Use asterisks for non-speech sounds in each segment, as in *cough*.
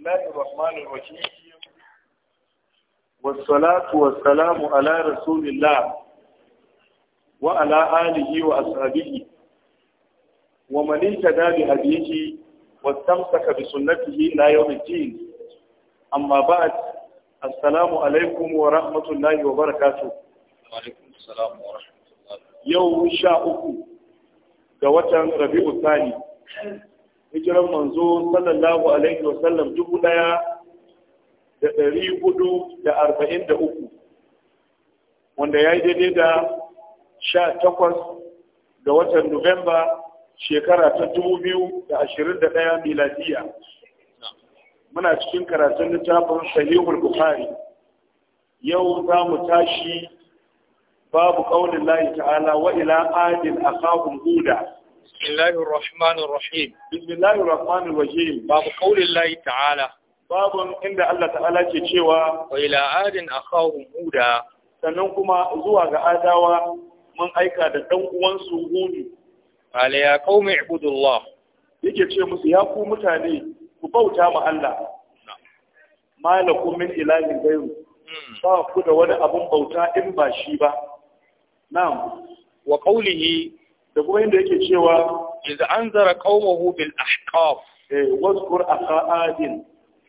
الله والصلاة والسلام على رسول الله وعلى آله وأصحابه ومن اهتدى بهديه واستمسك بسنته إلى يوم الدين أما بعد السلام عليكم ورحمة الله وبركاته وعليكم السلام ورحمة الله يوم شاء ga watan rabi'u tsani hijiran manzo sallallahu alaihi wa sallam dubu daya da ɗari hudu da arba'in da uku wanda ya yi daidai da sha takwas ga watan nuwamba shekara ta dubu biyu da ashirin da ɗaya miladiya muna cikin karatun littafin sahihul bukhari yau za mu tashi babu ƙaunin layi ta'ala wa ila adin kawun huda بسم الله الرحمن الرحيم بسم الله الرحمن الرحيم باب قول الله تعالى باب ke cewa wa la'adin adin akhahum huda sannan kuma zuwa ga adawa mun aika da dan uwansu hudu ala ya qaumi ibudullah yake ce musu ya ku mutane ku bauta ma Allah malakum min ilahin gairu hmm. ba ku da wani abun bauta in ba shi ba na'am wa qawlihi da kuma inda yake cewa iz anzara qaumahu bil ahqaf eh wazkur akha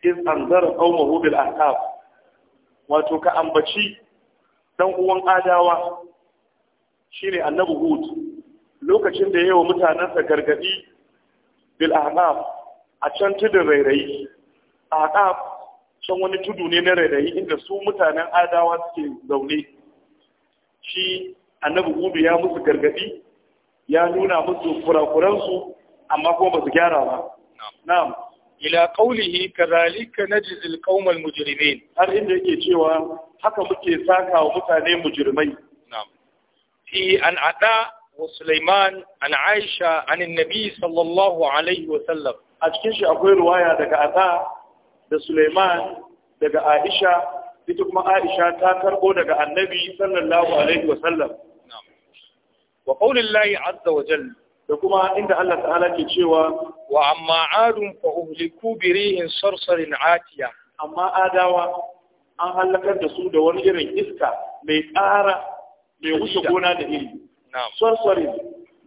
iz anzara qaumahu bil ahqaf wato ka ambaci dan uwan adawa shine annabi hud lokacin da yayin mutanansa gargadi bil ahqaf a can tudun rairayi ahqaf can wani tudu ne na rairayi inda su mutanen adawa suke zaune shi annabi hudu ya musu gargadi ya nuna musu kurakuransu amma kuma ba su gyara ba na'am ila qawlihi kadhalika najzi alqawm almujrimin har inda yake cewa haka muke saka wa mutane mujrimai na'am fi an ada wa sulaiman an aisha an annabi sallallahu alaihi wa sallam a cikin shi akwai ruwaya daga ada da sulaiman daga aisha ita kuma aisha ta karbo daga annabi sallallahu alaihi wa sallam wa qaulillahi azza wa jalla da kuma inda Allah ta'ala ke cewa wa amma adun fa uhliku bi rihin sarsarin atiya amma adawa an halakar da su da wani irin iska mai ƙara mai wuce gona da iri sarsarin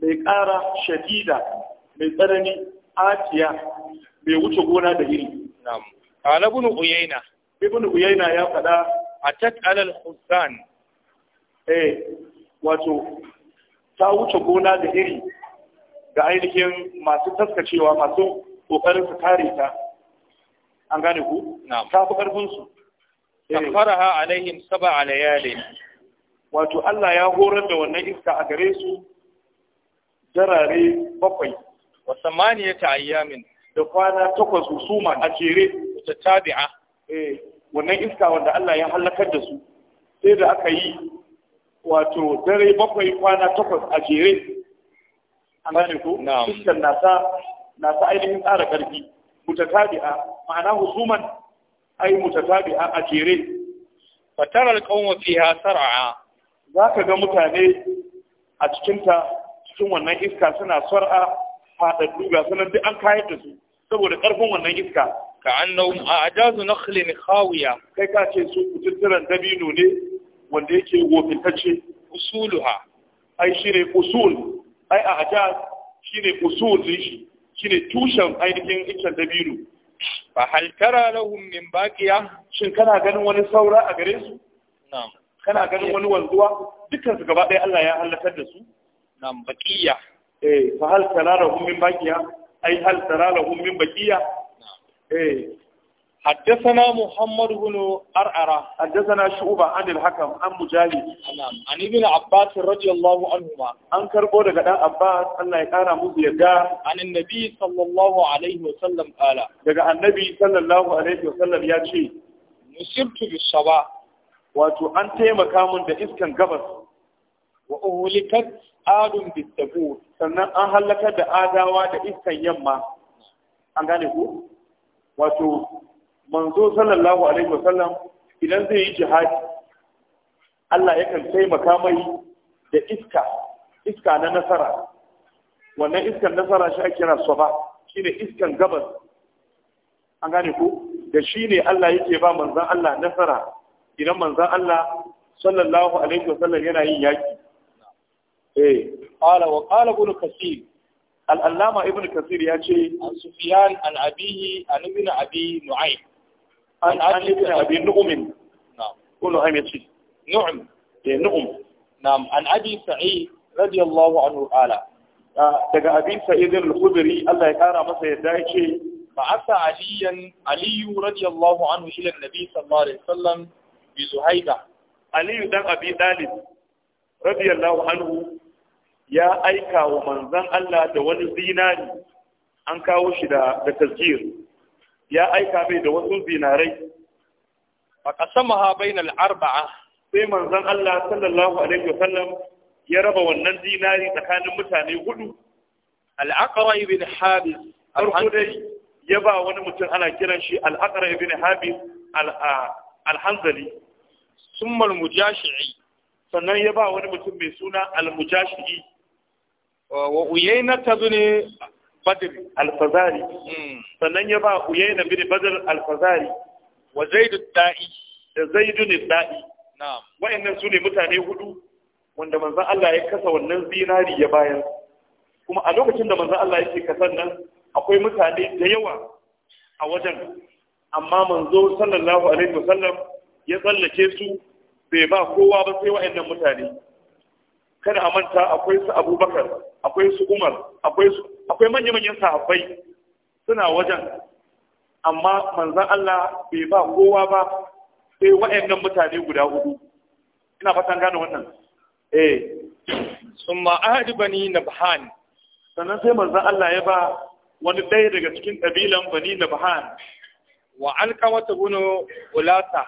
mai ƙara shadida mai tsanani atiya mai wuce gona da iri qala ibn uyayna ibn uyayna ya faɗa atat alal khuzan eh wato ta wuce gona da iri ga ainihin masu taskacewa masu kokarin su kare ta an gane ku ta fi karfin su kafaraha eh. alaihim sab'a alayali wato Allah ya horar da wannan iska a gare su jarare bakwai wa samaniyata ayyamin da kwana takwas husuma a jere ta tabi'a eh wannan iska wanda Allah ya halakar da su sai da aka yi wato dare bakwai kwana takwas a jere an gane iskan nasa nasa ainihin tsara karfi mutatabi'a ma'ana husuman ai mutatabi'a a jere fatara alqawm fiha sar'a ka ga mutane a cikin cikin wannan iska suna sar'a fada duga sanan duk an kayar da su saboda ƙarfin wannan iska ka annahum a'jazu nakhlin khawiya kai ka ce su kututturan dabino ne wanda yake usulu ha ai ne usul ai a hajjaz ne usul din shi shine tushen ainihin iccen dabino fa hal tara lahum min baqiya shin kana ganin wani saura a gare su na'am kana ganin wani wanzuwa dukkan su gaba ɗaya Allah ya halakar da su na'am baqiya eh fa hal tara lahum min baqiya ai hal tara lahum min baqiya eh حدثنا محمد بن أرعرة حدثنا شعوبة عن الحكم عن مجاهد نعم عن ابن عباس رضي الله عنهما عن كربو دغدا عباس الله يقرا مو يدا عن النبي صلى الله عليه وسلم قال دغا النبي صلى الله عليه وسلم يا شي نصرت بالصبا wato an taimaka min da iskan gabas wa uhlikat adun bitabur sannan an halaka da adawa da iskan yamma an gane ku wato manzo sallallahu alaihi wasallam idan zai yi jihadi Allah yakan taimaka mai da iska iska na nasara wannan iskan nasara shi ake kira soba shine iskan gabas an gane ku da shine Allah yake ba manzon Allah nasara idan manzon Allah sallallahu alaihi wasallam yana yin yaki eh qala wa qala ibn kasir al-allama ibn kasir ya ce an sufyan al abihi an ibn abi nu'aym an an ibn abi nu'm na'am kullu ham yace nu'm eh nu'm na'am an abi sa'id radiyallahu anhu qala daga abi sa'id al-khudri Allah ya kara masa yadda yake ba'atha aliyan aliyu radiyallahu anhu ila an-nabi sallallahu alaihi wasallam bi zuhaida aliyu dan abi dalib radiyallahu anhu ya aika wa manzan Allah da wani zinari an kawo shi da da ya aika mai da wasu zinarai Ba a qasamaha bainal arba'a sai manzan Allah sallallahu alaihi wasallam ya raba wannan zinari tsakanin mutane hudu al-aqra ibn habis farko dai ya ba wani mutum ana kiran shi al-aqra ibn habis al-hanzali mujashii sannan ya ba wani mutum mai suna al-mujashi'i wa uyayna tabni بدر الفزاري فنن يبا ya ba بدر الفزاري وزيد al-fazari wa zaid al da zaid hudu wanda manzon Allah ya kasa wannan zinari ya bayar kuma a lokacin da manzon Allah yake kasan nan akwai mutane da yawa a wajen amma manzo sallallahu alaihi wasallam ya tsallake su bai ba kowa ba sai wa'annan mutane kada a manta akwai su Abubakar akwai su Umar akwai su akwai manya-manyan sahabbai suna wajen amma manzan Allah bai ba kowa ba sai wa'annan mutane guda hudu ina fatan gane wannan eh summa ahad bani nabhan sannan sai manzan Allah ya ba wani ɗaya daga cikin ƙabilan bani nabhan wa alqama tabunu ulata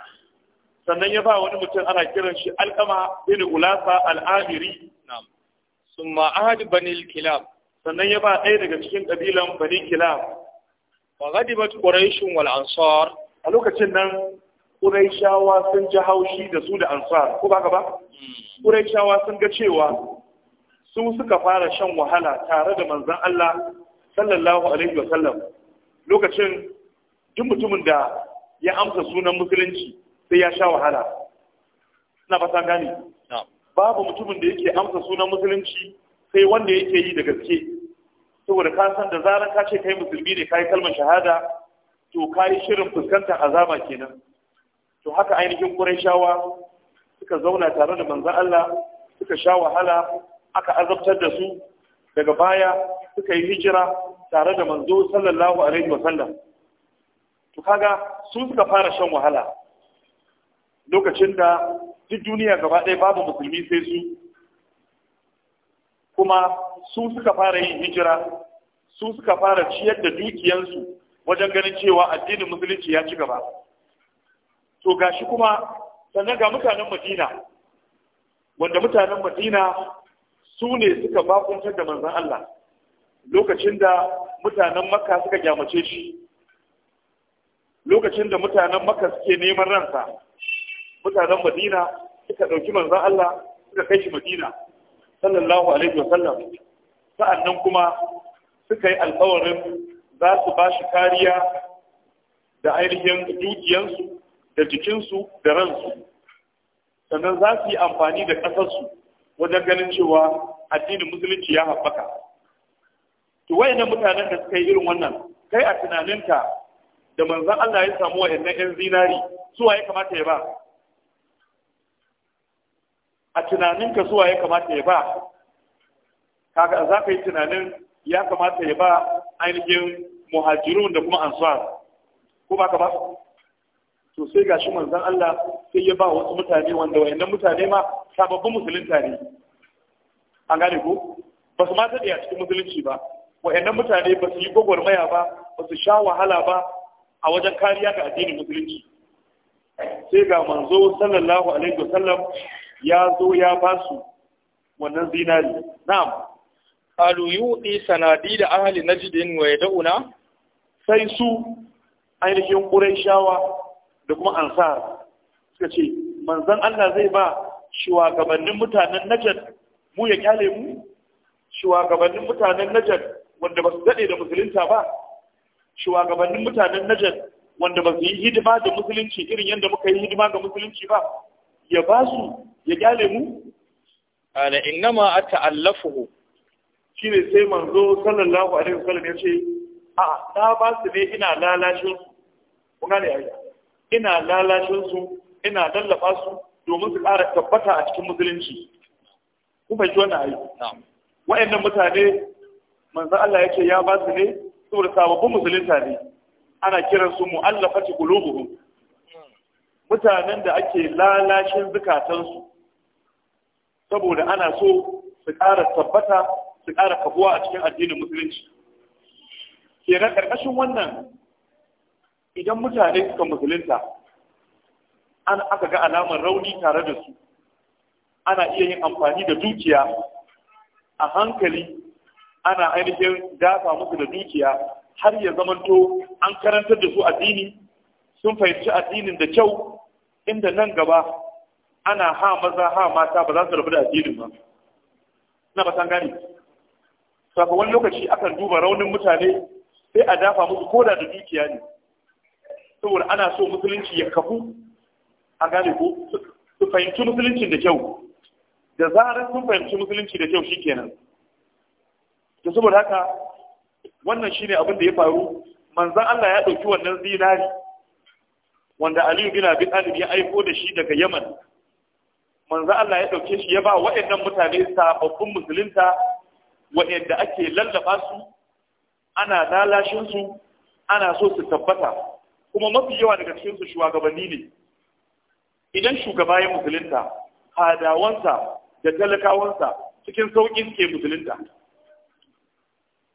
sannan ya ba wani mutum ana kiran shi alqama bin ulata al-amiri na'am summa ahad bani al-kilab sannan ya ba ɗaya daga cikin ƙabilan bani kilab wa ghadibat quraishun wal ansar a lokacin nan quraishawa sun ji haushi da su da ansar ko ba ka ba hmm. quraishawa sun ga cewa su suka fara shan wahala tare da manzon Allah sallallahu alaihi wa sallam lokacin duk mutumin da ya amsa sunan musulunci sai ya sha wahala na fata gani babu mutumin da yake amsa sunan musulunci sai wanda yake yi da gaske saboda ka san da zarar ka ce kai musulmi ne kai kalmar shahada to kai shirin fuskantar azaba kenan to haka ainihin Qurayshawa suka zauna tare da manzon Allah suka sha wahala aka azabtar da su daga baya suka yi hijira tare da manzo sallallahu alaihi wa sallam to kaga su suka fara shan wahala lokacin da duk duniya gaba ɗaya babu musulmi sai su kuma su suka fara yin hijira su suka fara ciyar da dukiyansu wajen ganin cewa addinin musulunci ya ci gaba to gashi kuma sannan ga mutanen madina wanda mutanen madina su ne suka bakuntar da manzan Allah lokacin da mutanen makka suka gyamace shi lokacin da mutanen makka suke neman ransa mutanen madina suka ɗauki manzan Allah suka kai shi madina sallallahu alaihi wasallam sa'annan kuma suka yi alƙawarin za su ba shi kariya da ainihin dukiyansu da jikinsu da ransu sannan za su yi amfani da ƙasarsu wajen ganin cewa addinin musulunci ya haɓaka to wayannan mutanen da suka yi irin wannan kai a tunaninka da manzon Allah ya samu wa'annan yan zinari suwa ya kamata ya ba a tunanin ka zuwa ya kamata ya ba kaga za ka yi tunanin ya kamata ya ba ainihin muhajirun da kuma ansar ko ba ka ba to sai gashi manzan Allah sai ya ba wasu mutane wanda wayannan mutane ma sababbin musulunta ne an gane ko ba su mata da cikin musulunci ba wayannan mutane ba su yi gwagwarmaya ba ba su sha wahala ba a wajen kariya ga addinin musulunci sai ga manzo sallallahu alaihi wasallam ya zo ya ba su wannan zinari na'am qalu yu'ti sanadi da ahli najdin wa da'una? sai su ainihin qurayshawa da kuma ansar suka ce manzon Allah zai ba shuwagabannin mutanen najd mu ya kyale mu Shuwagabannin mutanen najd wanda ba su dade da musulunta ba Shuwagabannin mutanen najd wanda ba su yi hidima da musulunci irin yadda muka yi hidima ga musulunci ba ya ba su ya gyale mu a innama Shi ne sai manzo sallallahu alaihi wasallam ya ce a ta ba su ne ina lalashinsu, kuna ne gane ina lalashinsu, ina lallafa su domin su ƙara tabbata a cikin musulunci kun fahimci wani ai wa'annan mutane manzo Allah ya ce ya ba su ne saboda sababbin musulunta ne ana kiransu ci kulubu. mutanen da ake lalashin zukatansu saboda ana so su ƙara tabbata su ƙara kabuwa a cikin addinin musulunci Ke na ƙarƙashin wannan idan mutane suka musulunta an aka ga alamar rauni tare da su ana iya yin amfani da dukiya a hankali ana ainihin dafa musu da dukiya har ya zamanto an karantar da su addini sun fahimci addinin da kyau inda nan gaba ana ha maza ha mata ba za su rabu da addinin ba na ba san gani saka wani lokaci akan duba raunin mutane sai a dafa musu koda da dukiya ne saboda ana so musulunci ya kafu a gane ko su fahimci musulunci da kyau da zarar sun fahimci musulunci da kyau shikenan Da saboda haka wannan shine abin da ya faru manzon Allah ya dauki wannan zinari wanda aliyu bin abi talib ya aiko da shi daga yaman manzo Allah ya dauke shi ya ba waɗannan mutane sababbin musulunta waɗanda ake lallaba su ana lalashin su ana so su tabbata kuma mafi yawa daga cikin su shugabanni ne idan shugaba ya musulunta hadawansa da talakawansa cikin sauƙi suke musulunta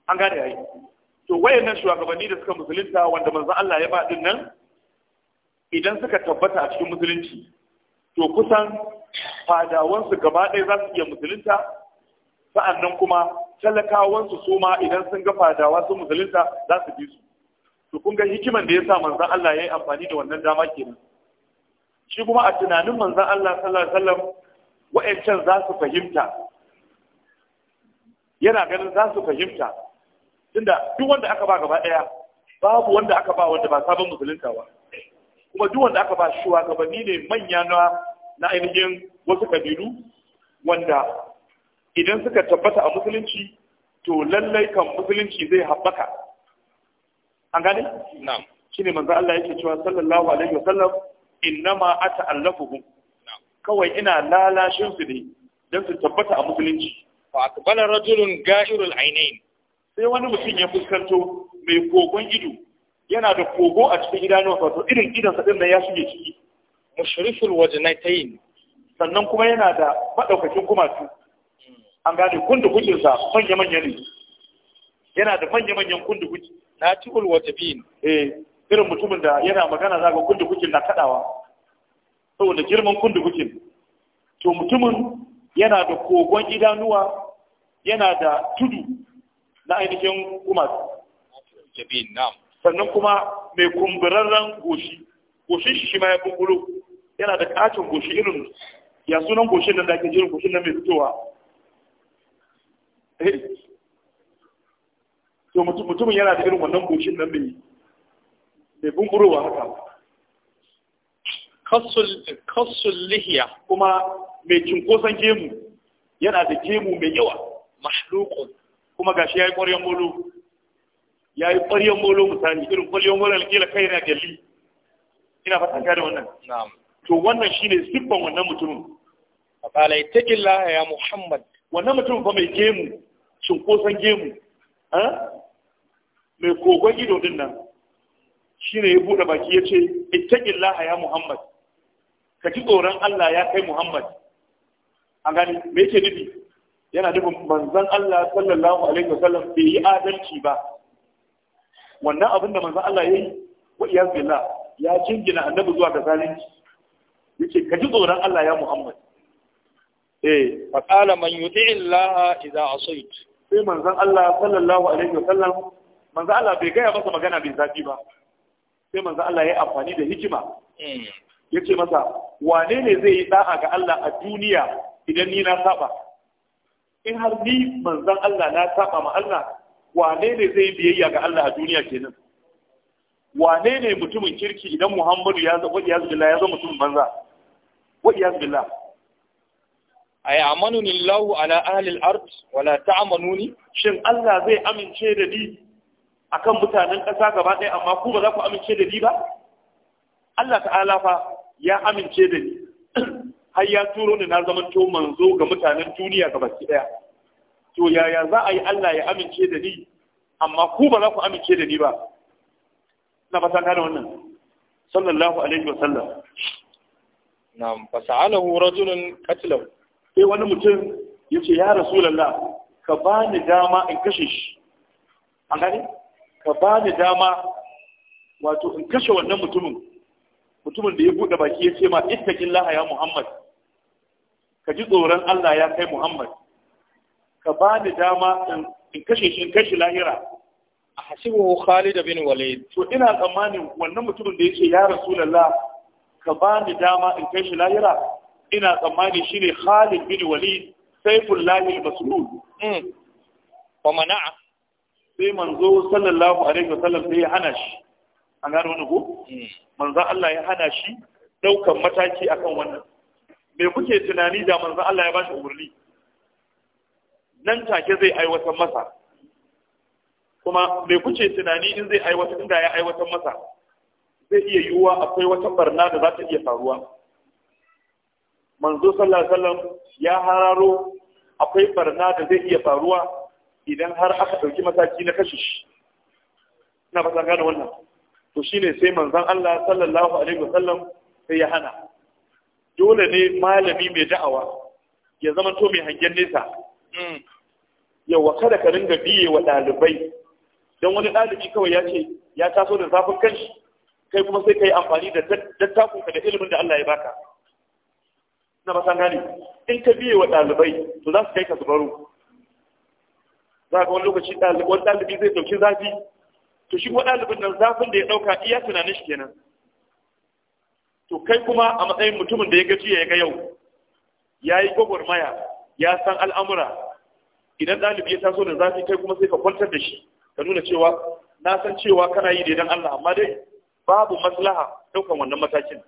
an gane yayi to wayannan shugabanni da suka musulunta wanda manzo Allah ya ba din nan idan suka tabbata a cikin musulunci to kusan fadawansu gaba ɗaya za su iya musulunta sa'annan kuma talakawansu su ma idan sun ga fadawa sun musulunta za su bi su to kun ga hikiman da ya sa manzan Allah ya yi amfani da wannan dama kenan shi kuma a tunanin manzan Allah sallallahu alaihi wasallam wa'ancan za su fahimta yana ganin za su fahimta tunda duk wanda aka ba gaba ɗaya babu wanda aka ba wanda ba sabon musulunta ba kuma duk wanda aka ba shugabanni ne manya na na ainihin wasu kabilu wanda idan suka tabbata a musulunci to lallai kan musulunci zai haɓaka an gane na'am shine manzo Allah yake cewa sallallahu alaihi wasallam innama ata'allafuhu kawai ina lalashin su ne dan su tabbata a musulunci fa aqbala rajulun ga'irul ainain sai wani mutum ya fuskanto mai kogon ido yana da kogo a cikin idanuwa wato irin idan sa nan ya shige ciki mushriful wajnatayn sannan kuma yana da madaukakin kumatu an gane kundukukin sa manya manya ne yana da manya manyan kundukuki natiul wajbin eh irin mutumin da yana magana zaka kujin na kadawa saboda girman kujin to mutumin yana da kogon idanuwa yana da tudu na ainihin kumatu jabin na'am sannan kuma mai kumburarren goshi goshin shi ma ya kumbulo yana da kacin goshi irin ya sunan goshin nan da ake jirin goshin nan mai fitowa eh. to mutumin yana da irin wannan goshin nan mai mai bumburowa haka kassul lihiya kuma mai cinkoson gemu yana da gemu mai yawa mahlukun kuma gashi ya yi ƙwaryen bolo ya yi ƙwaryen molo misali irin ƙwaryen molo da kai na gyalli ina fata ka da wannan to wannan shine siffan wannan mutumin faqala ittaqillaha ya muhammad wannan mutumin fa mai gemu cinkoson gemu mai kogon ido din nan shine ya buɗe baki ya ce ittaqillaha ya muhammad ka ji tsoron Allah ya kai muhammad an gani me yake nufi yana nufin manzon Allah sallallahu alaihi wasallam bai yi adalci ba wannan abin da manzo Allah yayi wa iyaz billah ya jingina annabi zuwa ga zalunci yace ka ji tsoron Allah ya Muhammad eh fa qala man yuti'i Allah idza asayt sai manzon Allah sallallahu alaihi wa sallam, manzon Allah bai gaya masa magana bin zafi ba sai manzon Allah ya amfani da hikima hmm. yace masa wane ne zai yi da'a ga Allah a duniya idan ni na saba in har ni manzon Allah na saba ma Allah wane ne zai biyayya ga Allah a duniya kenan wane ne mutumin kirki idan Muhammadu ya zama ya zama ya zama mutumin banza wa iyaz billah ay amanuni Allah ala ahli al-ard wala ta'manuni shin Allah zai amince da ni akan mutanen ƙasa gaba ɗaya amma ku ba za ku amince da ni ba Allah ta'ala fa ya amince da ni *clears throat* har ya turo ni na zama to manzo ga mutanen duniya gaba ɗaya to yaya za a yi Allah ya amince da ni amma ku ba za ku amince da ni ba na fata gane wannan sallallahu alaihi wa sallam na'am fa sa'alahu rajulun qatlahu sai wani mutum yace ya rasulullah ka bani dama in kashe shi an gane ka bani dama wato in kashe wannan mutumin mutumin da ya bude baki ya ce ma ittaqillah ya muhammad ka ji tsoron Allah ya kai muhammad ka ba ni dama in kashe shi in kashe lahira a hasibu Khalid bin Walid to ina tsammanin wannan mutumin da yake ya Rasulullah ka ba ni dama in kashe lahira ina tsammani shine Khalid bin Walid Saifullah al-Masrur mm wa mana'a sai manzo sallallahu alaihi wasallam sai ya hana shi an gano wani ko hmm. manzo Allah ya hana shi daukan mataki akan wannan me kuke tunani da manzo Allah ya bashi umarni nan take zai aiwatar masa kuma mai kuce tunani in zai aiwatar inda ya aiwatar masa zai iya yiwuwa akwai wata barna da za ta iya faruwa manzo sallallahu alaihi wasallam ya hararo akwai barna da zai iya faruwa idan har aka dauki mataki na kashe shi ina fatan gane wannan to shine sai manzon Allah sallallahu alaihi wasallam sai ya hana dole ne malami mai da'awa ya zama to mai hangen nesa hmm. yawa kada ka ringa biye wa ɗalibai don wani ɗalibi kawai ya ce ya taso da zafin kanshi kai kuma sai ka yi amfani da dattakunka da ilimin da Allah ya baka na ba gane in ka biye wa ɗalibai to za su kai ka zubaru za ka wani lokaci wani ɗalibi zai ɗauki zafi to shi kuma ɗalibin nan zafin da ya ɗauka iya tunanin shi kenan to kai kuma a matsayin mutumin da ya gaji ya ga yau ya yi gwagwarmaya ya san al'amura idan ɗalibi ya taso da zafi kai kuma sai ka kwantar da shi ka nuna cewa na san cewa kana yi da idan Allah amma dai babu maslaha ɗaukan wannan matakin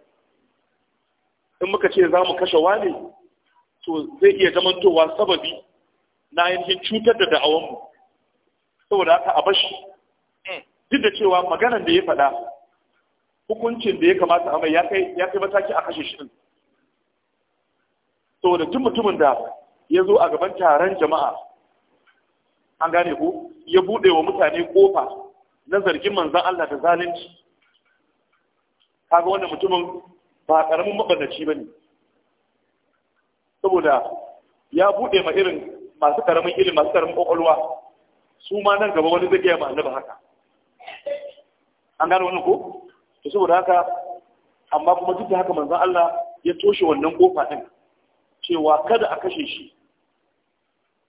in muka ce za mu kashe wane to zai iya zamantowa sababi na yin cutar da da'awanmu saboda haka a bashi duk da cewa maganan da ya faɗa hukuncin da ya kamata a mai ya kai mataki a kashe shi din saboda tun mutumin da ya zo a gaban taron jama'a an gane ko ya buɗe wa mutane kofa na zargin manzan Allah da zalunci kaga wannan mutumin ba karamin mabannaci ba ne saboda ya buɗe ma irin masu karamin ilimi masu karamin kwakwalwa su ma nan gaba wani zai ma ba haka an gane wannan ko to saboda haka amma kuma duk da haka manzan Allah ya toshe wannan kofa din cewa kada a kashe shi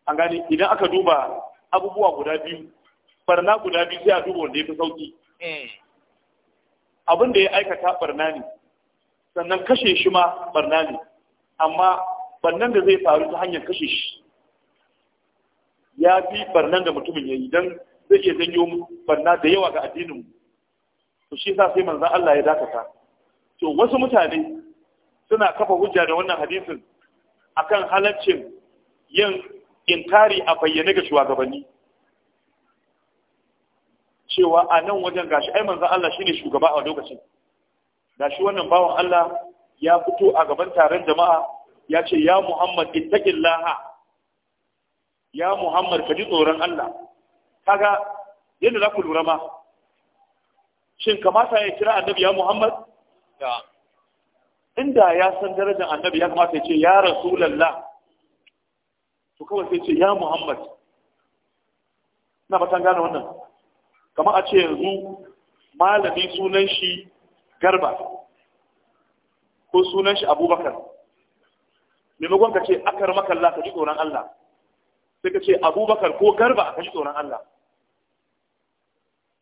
an gane idan aka duba abubuwa guda biyu barna guda biyu sai a duba wanda ya fi sauki eh. abin da ya aikata barna ne sannan kashe shi ma barna ne amma barnan da zai faru ta hanyar kashe shi ya fi barnan da mutumin ya yi don zai iya janyo barna da yawa ga addinin to shi sa sai manzan Allah ya dakata to wasu mutane suna kafa hujja da wannan hadisin akan halaccin yin inkari a bayyane ga shugabanni cewa a nan wajen gashi ai manzon Allah shine shugaba a lokacin gashi wannan bawan Allah ya fito a gaban taron jama'a ya ce ya Muhammad ittaqillaha ya Muhammad ka ji tsoron Allah kaga yadda za ku lura ma shin kamata ya kira annabi ya Muhammad inda ya san darajar annabi ya kamata ya ce ya Rasulallah to kawai sai ce ya muhammad na fatan gane wannan kamar a ce yanzu malami sunan shi garba ko sunan shi abubakar maimakon ka ce akar makalla ka ji tsoron allah sai ka ce abubakar ko garba ka ji tsoron allah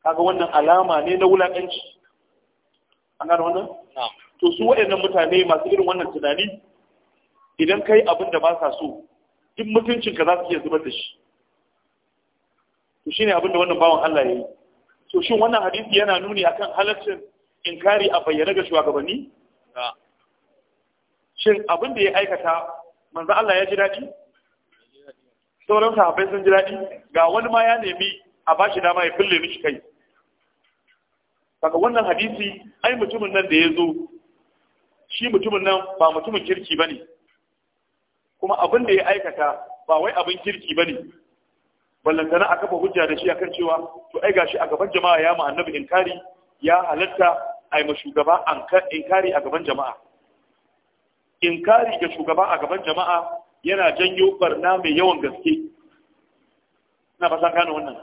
kaga wannan alama ne na wulaƙanci an gane wannan to su waɗannan mutane masu irin wannan tunani idan kai abin da ba sa so duk mutuncinka za su iya zubar da shi to shine abin da wannan bawan Allah ya yi to shin wannan hadisi yana nuni akan halaccin inkari a bayyana ga shugabanni shin abin da ya aikata manzo Allah ya ji daɗi sauran sahabbai sun ji daɗi ga wani ma ya nemi a bashi dama ya fille mishi kai daga wannan hadisi ai mutumin nan da ya zo shi mutumin nan ba mutumin kirki ba ne kuma abin da ya aikata ba wai abin kirki ba ne ballantana a kafa hujja da shi akan cewa to ai gashi a gaban jama'a ya ma annabi inkari ya halatta a yi shugaba inkari a gaban jama'a inkari ga shugaba a gaban jama'a yana janyo barna mai yawan gaske na san gane wannan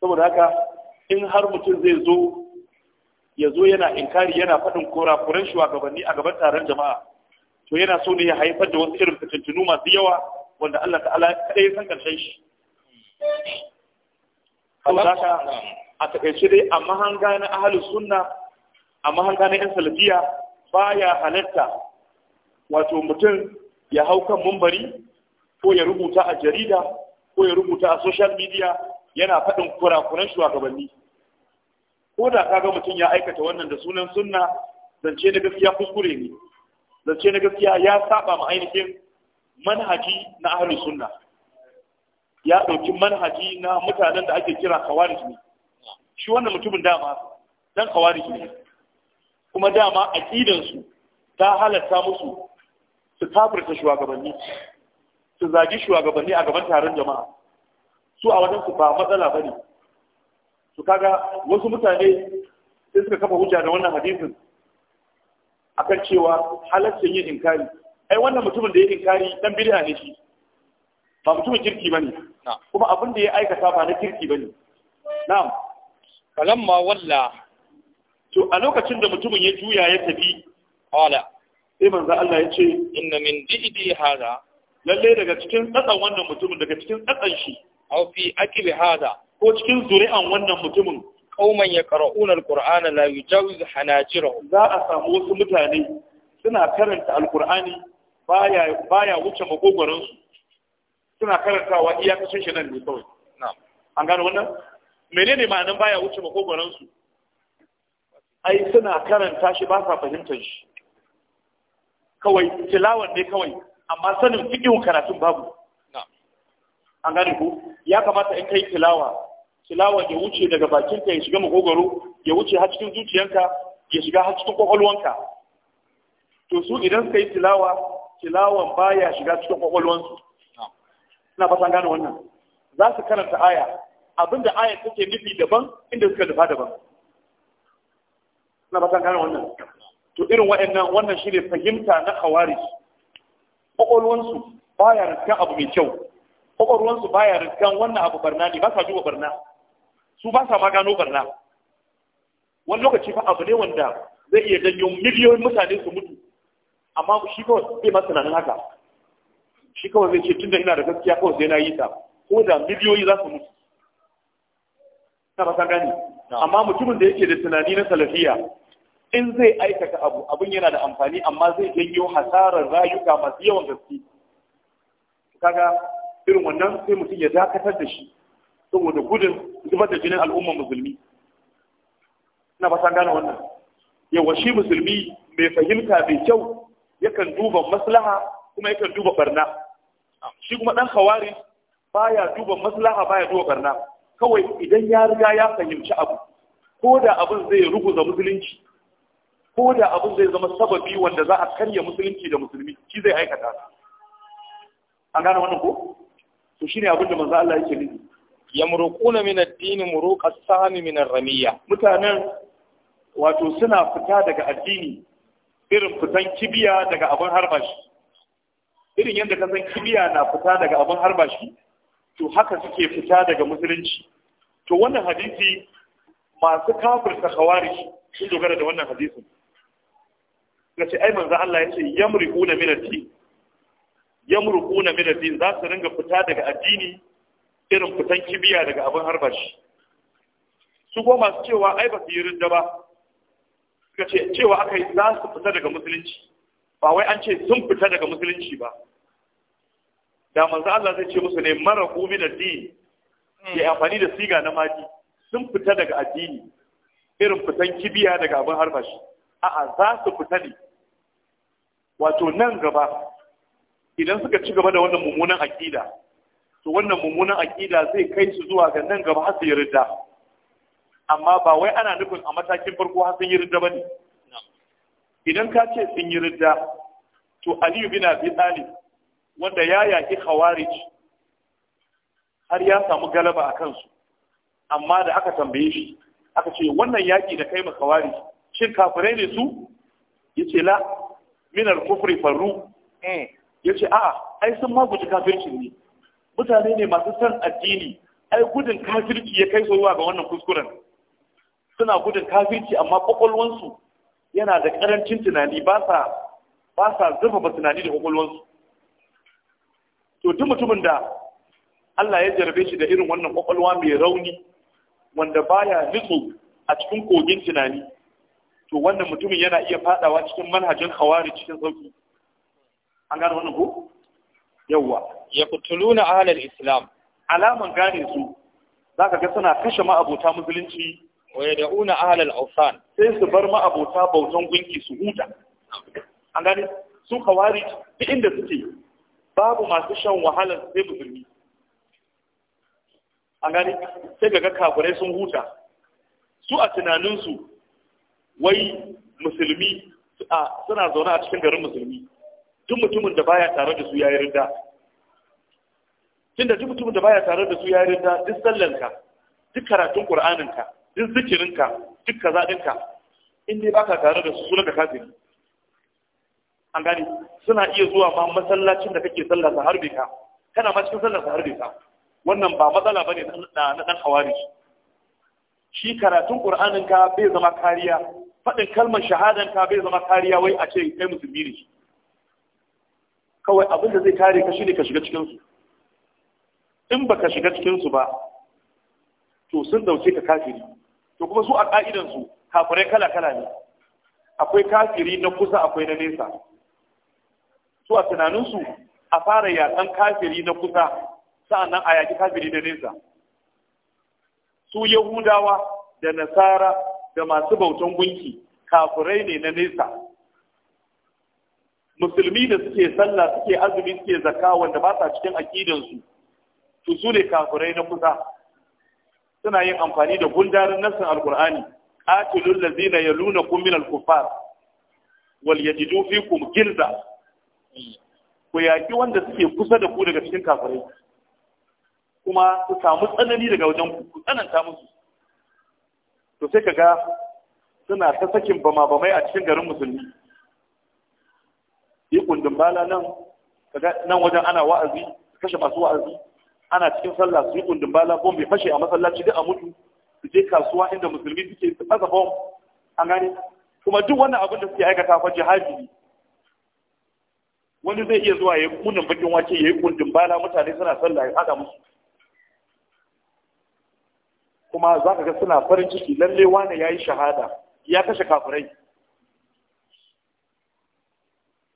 saboda haka in har mutum zai zo ya zo yana inkari yana faɗin kurakuran shugabanni a gaban taron jama'a to yana so ne ya haifar da wasu irin fitattunu masu yawa wanda Allah ta'ala kaɗai ya san ƙarshen shi a taƙaice dai a mahanga na ahalus sunna a mahanga na yan salafiya baya halatta wato mutum ya hau kan mumbari ko ya rubuta a jarida ko ya rubuta a social media yana faɗin kurakuran shugabanni ko da kaga mutum ya aikata wannan da sunan sunna zance da gaskiya kuskure ne zance na gaskiya ya saba ma ainihin manhaji na ahli sunna ya ɗauki manhaji na mutanen da ake kira khawarij ne shi wannan mutumin dama dan khawarij ne kuma dama aqidan su ta halatta musu su kafirta shugabanni su zagi shugabanni a gaban taron jama'a su a wajen su ba matsala bane su kaga wasu mutane sai suka kafa hujja da wannan hadisin akan cewa halaccin yin inkari ai wannan mutumin da ya inkari dan bid'a ne shi ba mutumin kirki bane kuma abin da ya aikata ba na kirki bane na'am kalamma walla to a lokacin da mutumin ya juya ya tafi wala sai manzo Allah ya ce inna min jidi hada lalle daga cikin tsatsan wannan mutumin daga cikin tsatsan shi aw fi akibi hada ko cikin zuri'an wannan mutumin qauman qara'una alqur'ana la yujawiz hanajirahum za a samu wasu mutane suna karanta alqur'ani baya baya wuce makogoron su suna karantawa kashin shi nan ne kawai na'am an gano wannan menene ma'anin baya wuce makogoron su ai suna karanta shi ba sa fahimtar shi kawai tilawar ne kawai amma sanin fiqhu karatun babu an gane ko? ya kamata in kai tilawa tilawa ya wuce daga bakinka ya shiga makogaro ya wuce har cikin zuciyanka ya shiga har cikin kwakwalwanka to su idan suka yi tilawa tilawan baya shiga cikin kwakwalwansu ina fatan gane wannan za su karanta aya abinda aya take nufi daban inda suka dafa daban ina fatan gane wannan to irin wa'annan wannan shine fahimta na khawarij kwakwalwansu baya rikan abu mai kyau kwakwalwansu baya rikan wannan abu barna ne ba sa duba barna su ba sa ma gano barna wani lokaci fa abu ne wanda zai iya janyo miliyoyin mutane su mutu amma shi kawai zai masu nan haka shi kawai zai ce tun da ina da gaskiya kawai zai na yi ta ko da miliyoyi za su mutu ta ba gani amma mutumin da yake da tunani na salafiya in zai aikata abu abin yana da amfani amma zai janyo hasarar rayuka masu yawan gaske kaga irin wannan sai mutum ya dakatar da shi saboda gudun zubar da jinin al'umman musulmi ina fata gane wannan yawa shi musulmi mai fahimta mai kyau yakan duba maslaha kuma yakan duba barna shi kuma dan ba baya duba maslaha baya duba barna kawai idan ya riga ya fahimci abu ko da abin zai ruguza musulunci ko da abin zai zama sababi wanda za a karya musulunci da musulmi shi zai aikata an gane wannan ko to shine abin da manzo Allah yake nufi ya min na din muruq as sami min ramiya ramiyya mutanen wato suna fita daga addini irin fitan kibiya daga abin harbashi irin yadda ka san kibiya na fita daga abin harbashi to haka suke fita daga musulunci to wannan hadisi masu kafirta hawari sun dogara da wannan hadisin ga ce ai manzo Allah ya ce yamriquna min ad-din yamruquna min ad-din za su ringa fita daga addini irin fitan kibiya daga abin harba shi su goma masu cewa ai ba su yi rinda ba suka ce cewa aka yi za su fita daga musulunci ba wai an ce sun fita daga musulunci ba da manzo Allah zai ce musu ne mara da addini ke hmm. amfani da siga na maji sun fita daga addini irin fitan kibiya daga abin harba shi a'a za su fita ne wato nan gaba idan suka ci gaba da wannan mummunan aƙida to wannan mummunan aƙida zai kai su zuwa ga nan gaba har su yi ridda amma ba wai ana nufin a matakin farko har sun yi ridda bane idan ka ce sun yi ridda to Aliyu bin Abi Talib wanda ya yaki Khawarij har ya samu galaba a kansu amma da aka tambaye shi aka ce wannan yaki da kai Khawarij shin kafirai ne su yace la minar kufri farru eh yace a'a ai sun ma guji kafircin ne mutane ne masu san addini ai gudun kafirci ya kai zuwa ga wannan kuskuren suna gudun kafirci amma kwakwalwansu yana da karancin tunani ba sa ba tunani da kwakwalwansu to duk mutumin da Allah ya jarabe shi da irin wannan kwakwalwa mai rauni wanda baya nutsu a cikin kogin tunani to wannan mutumin yana iya fadawa cikin manhajin hawari cikin sauki an gane wannan ko yawwa Ya na ahalar islam alaman gane su zaka ga suna kashe ma'abota musulunci wa na ahalar ausan sai su bar ma'abota bautan gunki su huta an gane su kawari duk inda suke babu masu shan wahalar sai musulmi an gane sai ga kafirai sun huta su a tunaninsu wai musulmi suna zaune a cikin garin musulmi tun mutumin da baya tare da su yayi rinda. tunda duk mutumin da baya tare da su ya rinda duk sallanka duk karatun qur'aninka duk zikirinka duk kaza dinka in dai baka tare da su sunan ka kafiri an gani suna iya zuwa ma masallacin da kake sallah sa harbe ka kana ma cikin sallah sa harbe ka wannan ba matsala bane na na dan hawari shi karatun qur'aninka bai zama kariya faɗin kalmar shahadanka bai zama kariya wai a ce kai musulmi ne kawai abin da zai kare ka shine ka shiga cikin su in baka shiga cikin su ba to sun dauke ka kafiri to kuma su a ka'idan su kafirai kala kala ne akwai kafiri na kusa akwai na nesa su a tunanin su a fara yatsan kafiri na kusa sa'annan a yaki kafiri na nesa su yahudawa da nasara da masu bautan gunki kafirai ne na nesa musulmi da suke sallah suke azumi suke zakka wanda ba sa cikin aƙidansu su to su ne kafirai na kusa suna yin amfani da gundarin nassin alkur'ani qatilul lazina yalunakum min alkufar wal yajidu fikum gilza ku yaki wanda suke kusa da ku daga cikin kafirai kuma su samu tsanani daga wajen ku tsananta musu to sai kaga suna ta sakin bama-bamai a cikin garin musulmi yi kundin bala nan nan wajen ana wa'azi kashe masu wa'azi ana cikin sallah su yi kundin bala bom bai fashe a masallaci duk a mutu su je kasuwa inda musulmi suke su fasa bom an gane kuma duk wannan abin da suke aikata fa jihadi wani zai iya zuwa ya yi kunin bakin wake ya yi kundin bala mutane suna sallah ya haɗa musu kuma za ka ga suna farin ciki lalle wane ya yi shahada ya kashe kafirai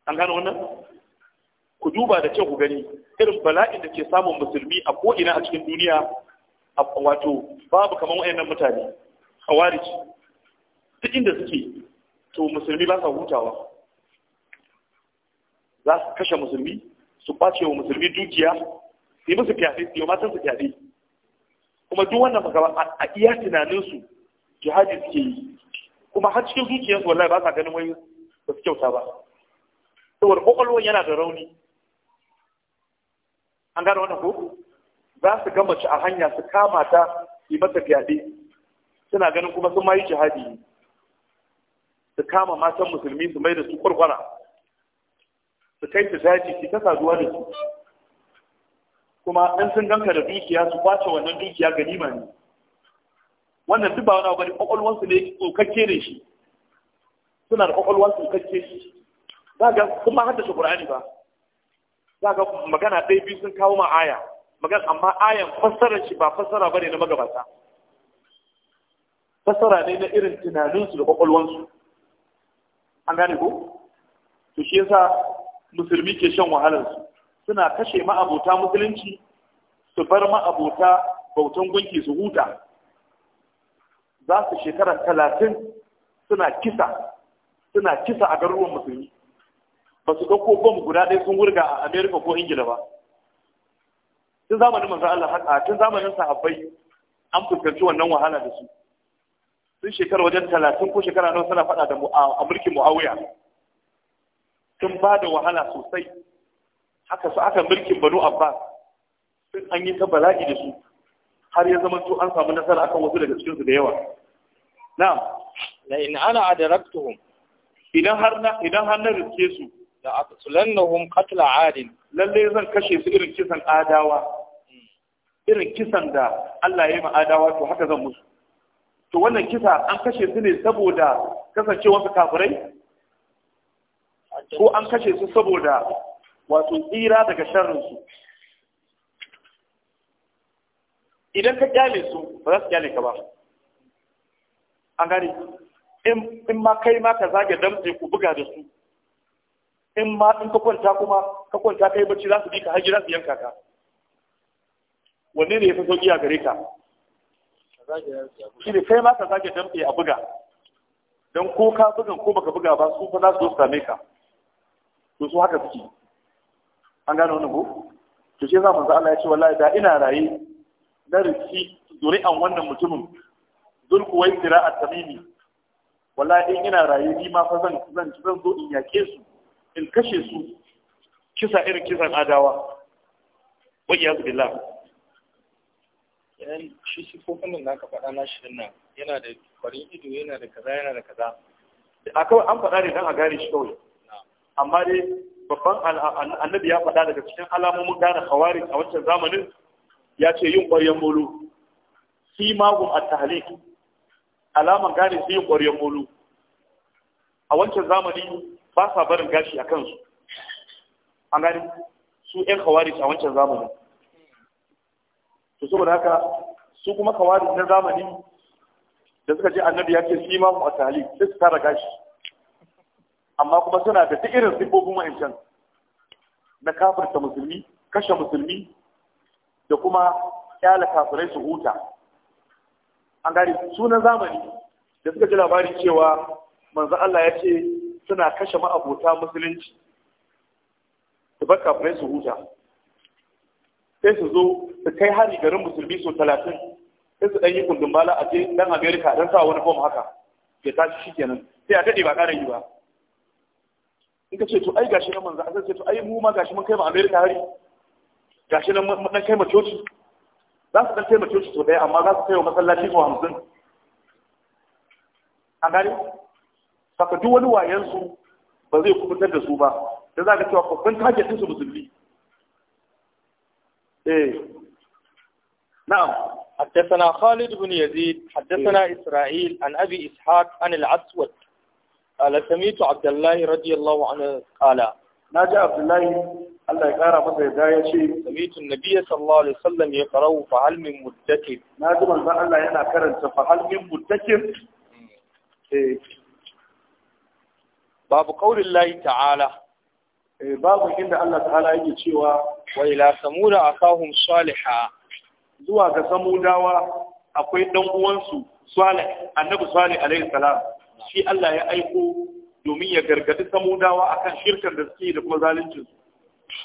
an gano wannan ku duba da ce ku gani irin bala'in da ke samun musulmi a ko'ina a cikin duniya a wato babu kamar wa'annan mutane khawarij duk inda suke to musulmi ba sa hutawa za su kashe musulmi su kwace wa musulmi dukiya su yi musu fyaɗe su yi matan su fyaɗe kuma duk wannan magana a iya tunaninsu jihadi suke yi kuma har cikin zuciyarsu wallahi ba sa ganin wani ba su kyauta ba saboda kwakwalwar yana da rauni an gano wannan ko za su gama ci a hanya su kama ta yi mata fyaɗe suna ganin kuma sun ma yi jihadi su kama matan musulmi su mai da su kwarkwara su kai su daji su ta saduwa da su kuma in sun ganka da dukiya su kwace wannan dukiya ganima ne wannan duk ba wani abu bane kwakwalwansu ne tsokakke ne shi suna da kwakwalwa tsokakke za ga kuma ma haddace qur'ani ba za ka magana ɗaya biyu sun kawo ma aya magana amma ayan fassara shi ba fassara bane na magabata fassara ne na irin tunaninsu da kwakwalwansu an gane ko to shi yasa musulmi ke shan wahalar wahalarsu suna kashe ma'abota musulunci su bar ma'abota bautan gunki su huta za su shekara talatin suna kisa suna kisa a garuruwan musulmi ba su ɗauko bom guda ɗaya sun wurga a amerika ko ingila ba tun zamanin manzo Allah haka tun zamanin sahabbai an fuskanci wannan wahala da su sun shekara wajen talatin ko shekara nawa suna faɗa da a mulkin muawiya sun ba da wahala sosai haka su aka mulkin banu abbas sun an yi ta bala'i da su har ya zama to an samu nasara akan wasu daga cikinsu da yawa na'am la in ana adraktuhum idan har na idan har na riske su la aqtulannahum qatla adin lalle zan kashe su irin kisan adawa irin kisan da Allah ya yi adawa to haka zan musu to wannan kisa an kashe su ne saboda kasancewa su kafirai ko an kashe su saboda wato tsira daga sharrin su idan ka kyale su ba za su kyale ka ba an gane in ma kai ma ka zage damtse ku buga da su in ma in ka kwanta kuma ka kwanta kai bacci za su bi ka haji za su yanka ka wanne ne ya fi sauki a gare ka shi ne kai ma ka zage damfe a buga don ko ka bugan ko baka buga ba su fa za su zo su same ka to su haka suke an gano wani ko to shi mu za Allah ya ce wallahi da ina raye na riki zuri'an wannan mutumin zulkuwai tira a tamimi wallahi in ina raye ni ma fa zan zan zan zo in yake su in kashe su kisa irin kisan adawa wajen yasu billah yan shi sifofin da aka faɗa na shirin nan yana da farin ido yana da kaza yana da kaza a kawai an faɗa ne don a gane shi kawai amma dai babban annabi ya faɗa daga cikin alamomin gane hawari a wancan zamanin ya ce yin ƙwaryen molo fi magun a tahalik alaman gane su yin ƙwaryen molo a wancan zamanin. ba sa barin gashi a kansu an gani su yan kawari a wancan zamanin to saboda haka su kuma kawari na zamani da suka je annabi ya ce su imamu a tali sai su tara gashi amma kuma suna da duk irin siffofin wa'ancan na kafirta musulmi kashe musulmi da kuma kyala kafirai su huta an gari sunan zamani da suka ji labarin cewa manzo Allah ya ce suna kashe ma'abota musulunci su baka fai su huta sai su zo su kai hari garin musulmi sau talatin sai su ɗan yi kundin bala a je ɗan amerika don sa wani fom haka ke tashi shi kenan sai a daɗe ba ƙara yi ba in ka ce to ai gashi nan manzo sai ce to ai mu ma gashi mun kai ma amerika hari gashi nan mun kai ma coci za su ɗan kai ma coci sau ɗaya amma za su kai wa masallaci ko hamsin a gari saka duk wani wayansu ba zai kubutar da su ba da za ka cewa babban target ɗinsu musulmi eh na'am حدثنا خالد بن يزيد حدثنا إسرائيل عن أبي إسحاق عن العسود قال سميت عبد الله رضي الله عنه قال ناجى عبد الله الله يقرأ مثل هداية شيء سميت النبي صلى الله عليه وسلم يقرأ فهل من مدكر ناجى من الله ينا كرنت فهل من مدكر إيه babu ƙaurin layi ta'ala eh, babu inda Allah ta'ala yake cewa wa ila samuda akahum salihah zuwa ga samudawa akwai dan uwansu salih annabi salih alaihi salam shi Allah ya aiko domin ya gargadi samudawa akan shirkar da suke da kuma zaluncin su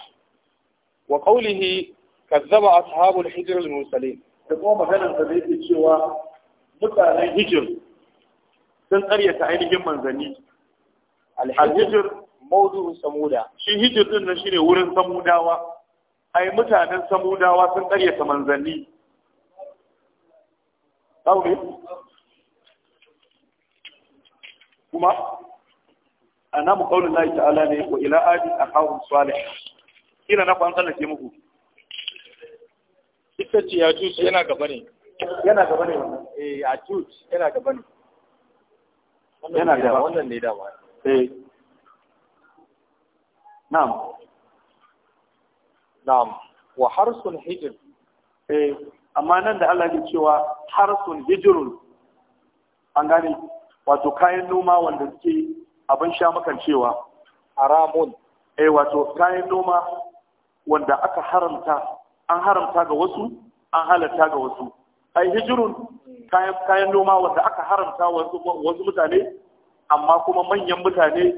wa qawlihi kazzaba ashabul hijr al da kuma maganar da yake cewa mutanen hijr sun karyata ainihin manzanni alhijir mawdu'u samuda shi hijir din nan shine wurin samudawa ai mutanen samudawa sun ƙaryata manzanni Ɗaure? Kuma, a namu kaunin Allah ta'ala ne wa ila adi a kawun salih. Ina na kwan tsallake muku. Ita ce ya cuci yana gaba ne. Yana gaba ne wannan. Eh, ya cuci yana gaba ne. Yana gaba. Wannan ne dama. eh na'am na'am wa harsun hijr eh amma nan da Allah ke cewa harsun hijrun an gane wato kayan noma wanda suke abin sha makan cewa haramun eh wato kayan noma wanda aka haramta an haramta ga wasu an halatta ga wasu ai hijirun kayan noma wanda aka haramta wasu mutane amma kuma manyan mutane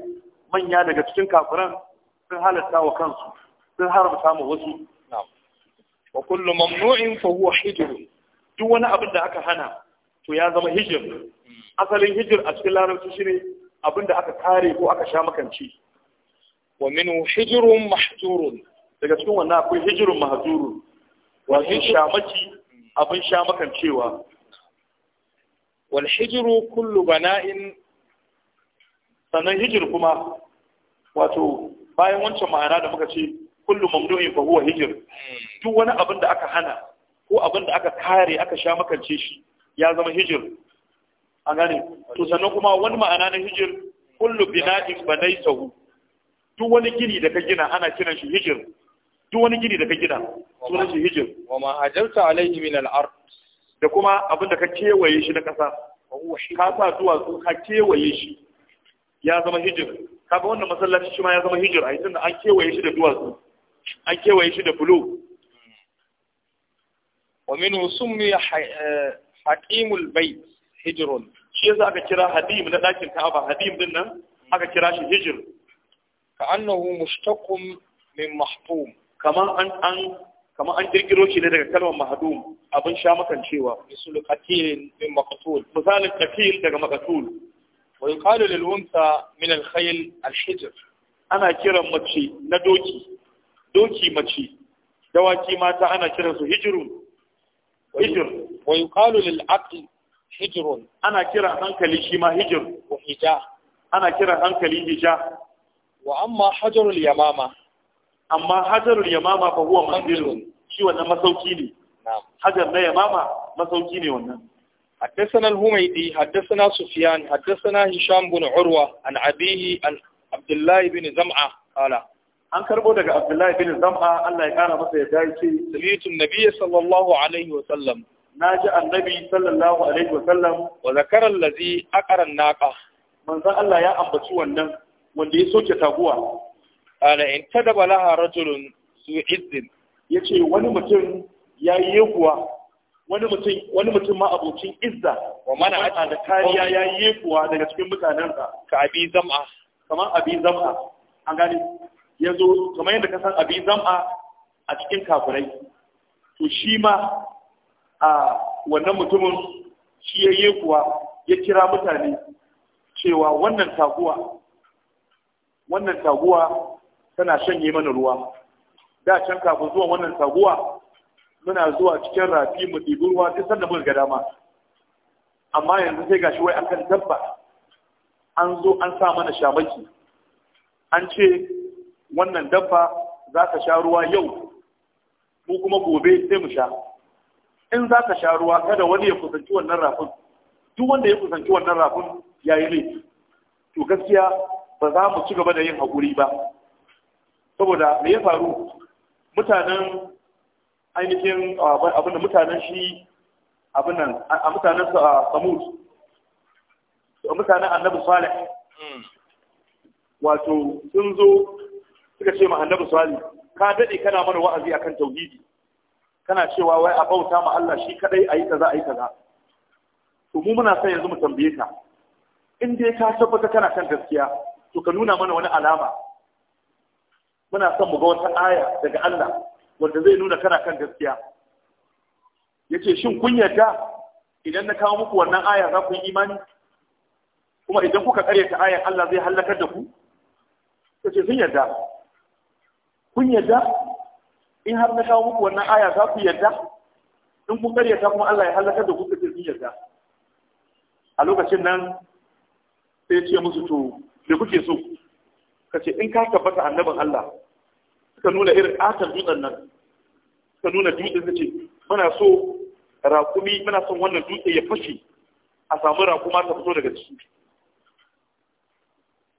manya daga cikin kafiran sun halatta wa kansu sun haramta mu wasu wa kullu mamnu'in fa huwa hijr duk wani abin da aka hana to ya zama hijr hmm. asalin hijr a cikin larabci shine abin da aka kare ko aka sha makanci wa minhu hijrun mahjurun daga cikin wannan akwai hijrun mahjurun wa shamaki abin sha makancewa wal hijru kullu bana'in sannan hijir kuma wato bayan wancan ma'ana da muka ce kullu mamnu'i fa huwa hijir duk wani abin da aka hana ko abin da aka kare aka sha makance shi ya zama hijir an gane to sannan kuma wani ma'ana na hijir kullu bina'in banaisahu duk wani gini da ka gina ana kiran shi hijir duk wani gini da ka gina sunan shi hijir wa ma hajarta alayhi min al-ard da kuma abin da ka kewaye shi na kasa ka sa duwatsu ka kewaye shi ya zama hijir kaga wannan masallaci shi ma ya zama hijir a tunda an kewaye shi da duwatsu an kewaye shi da bulo wa minhu summi haqimul eh, bait hijrun shi yasa aka kira hadim na dakin Ka'aba hadim din nan aka kira shi hijir ka annahu mushtaqun min mahtum Kama an an kamar an kirkiro shi ne daga kalmar mahdum abin sha makancewa misalu qatil min maqtul misalin qatil daga maqtul wa yuqalu lil unsa min al khayl al hijr ana kiran mace na doki doki mace dawaki mata ana kiran su hijrun hijr wa yuqalu lil ana kiran hankali shi ma hijr ana kiran hankali hija wa amma hajarul yamama amma hajarul yamama shi masauki ne hajar na yamama masauki ne wannan حدثنا الهميدي حدثنا سفيان حدثنا هشام بن عروة عن أبيه عن عبد الله بن زمعة قال an karbo daga Abdullahi bin Zam'a Allah ya kara masa ya dace salitun nabiyyi sallallahu alaihi wa sallam naji annabi sallallahu alaihi wa sallam wa zakara allazi aqara naqa manzon Allah ya ambaci wannan wanda ya soke taguwa ala in tadaba laha rajulun su izzin yace wani mutum ya kuwa wani mutum wani mutum ma abocin izza wa mana ata da kariya ya yi kuwa daga cikin mutanensa ka abi zam'a kamar abi zam'a an gane yanzu kamar yadda ka san abi zam'a a cikin kafirai to shi ma a wannan mutumin shi ya yi kuwa ya kira mutane cewa wannan taguwa wannan taguwa tana shanye mana ruwa da can kafin zuwa wannan taguwa muna zuwa cikin rafi mu ɗibi ruwa duk sanda mun ga dama amma yanzu sai gashi wai akan dabba an zo an sa mana shamaki an ce wannan dabba za ka sha ruwa yau mu kuma gobe sai mu sha in za ka sha ruwa kada wani ya kusanci wannan rafin duk wanda ya kusanci wannan rafin ya yi laifi to gaskiya ba za mu ci gaba da yin haƙuri ba saboda me ya faru mutanen ainihin ah, abin mutanen shi abin a mutanen a ah, samud a mutanen annabi salih hmm. wato sun zo suka ce ma annabi salih ka daɗe kana mana wa'azi akan tauhidi kana cewa wai a bauta ma Allah shi kadai ayi kaza ayi kaza to mu muna son yanzu mu tambaye ka in dai ka tabbata kana kan gaskiya to ka nuna mana wani alama muna son mu ga wata aya daga Allah wanda zai nuna kana kan gaskiya yace shin kun yarda idan na kawo muku wannan aya za ku yi imani kuma idan kuka karyata ayan Allah zai halakar da ku yace sun yarda kun yarda in har na kawo muku wannan aya za ku yarda in kun karyata kuma Allah ya halakar da ku yace sun yarda a lokacin nan sai ya ce musu to me kuke so kace in ka tabbata annabin Allah suka nuna irin ƙaton dutsen nan suka nuna dutsen ce muna so rakumi muna son wannan dutse ya fashe a samu rakuma ta fito daga ciki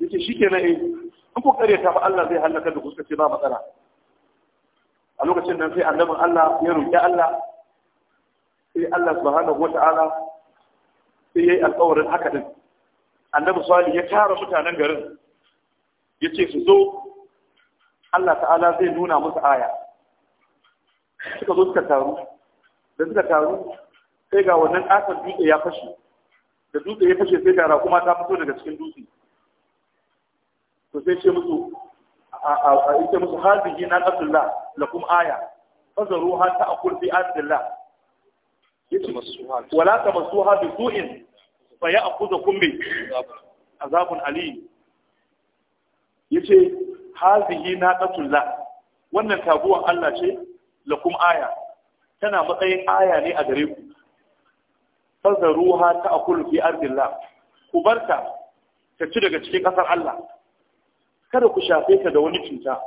yake shi ke na eh in ku ta fa Allah zai halaka da kuka ce ba matsala a lokacin nan sai annabin Allah ya roƙi Allah sai Allah subhanahu wata'ala sai yayi alƙawarin haka din annabi salih ya tara mutanen garin ya ce su zo Allah ta'ala zai nuna musu aya suka zo suka taru da suka taru sai ga wannan ƙasar dutse ya fashe da dutse ya fashe sai ga kuma ta fito daga cikin dutse to sai ce musu a ita musu hazihi na qasullah kuma aya ta ta'kul bi adillah yace wala tamassuha bi su'in fa ya'khudhukum bi azabun Ya yace hazihi na tatullah wannan tabuwan Allah ce lakum aya tana matsayin aya ne a gare ku ta akul fi ardillah ku barta ta ci daga cikin kasar Allah kada ku shafe ta da wani cuta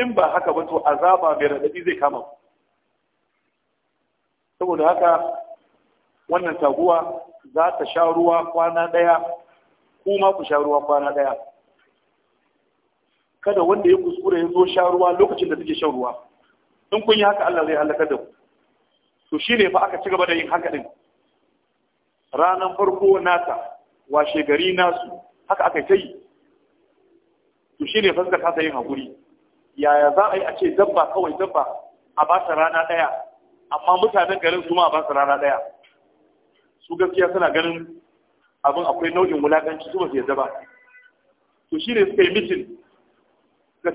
in ba haka ba to azaba mai radadi zai kama ku saboda haka wannan taguwa za ta sha ruwa kwana daya kuma ku sha ruwa kwana daya kada wanda ya kuskura ya zo sha ruwa lokacin da suke shan ruwa in kun yi haka Allah zai halaka da ku to shi ne fa aka ci gaba da yin haka din ranan farko nata washe gari nasu haka aka ta yi to shi ne fasika kasa yin hakuri yaya za a yi a ce dabba kawai dabba a ba ta rana ɗaya amma mutanen garin su ma a ba su rana ɗaya su gaskiya suna ganin abin akwai nau'in wulaƙanci su ba su yadda ba to shi ne suka yi mitin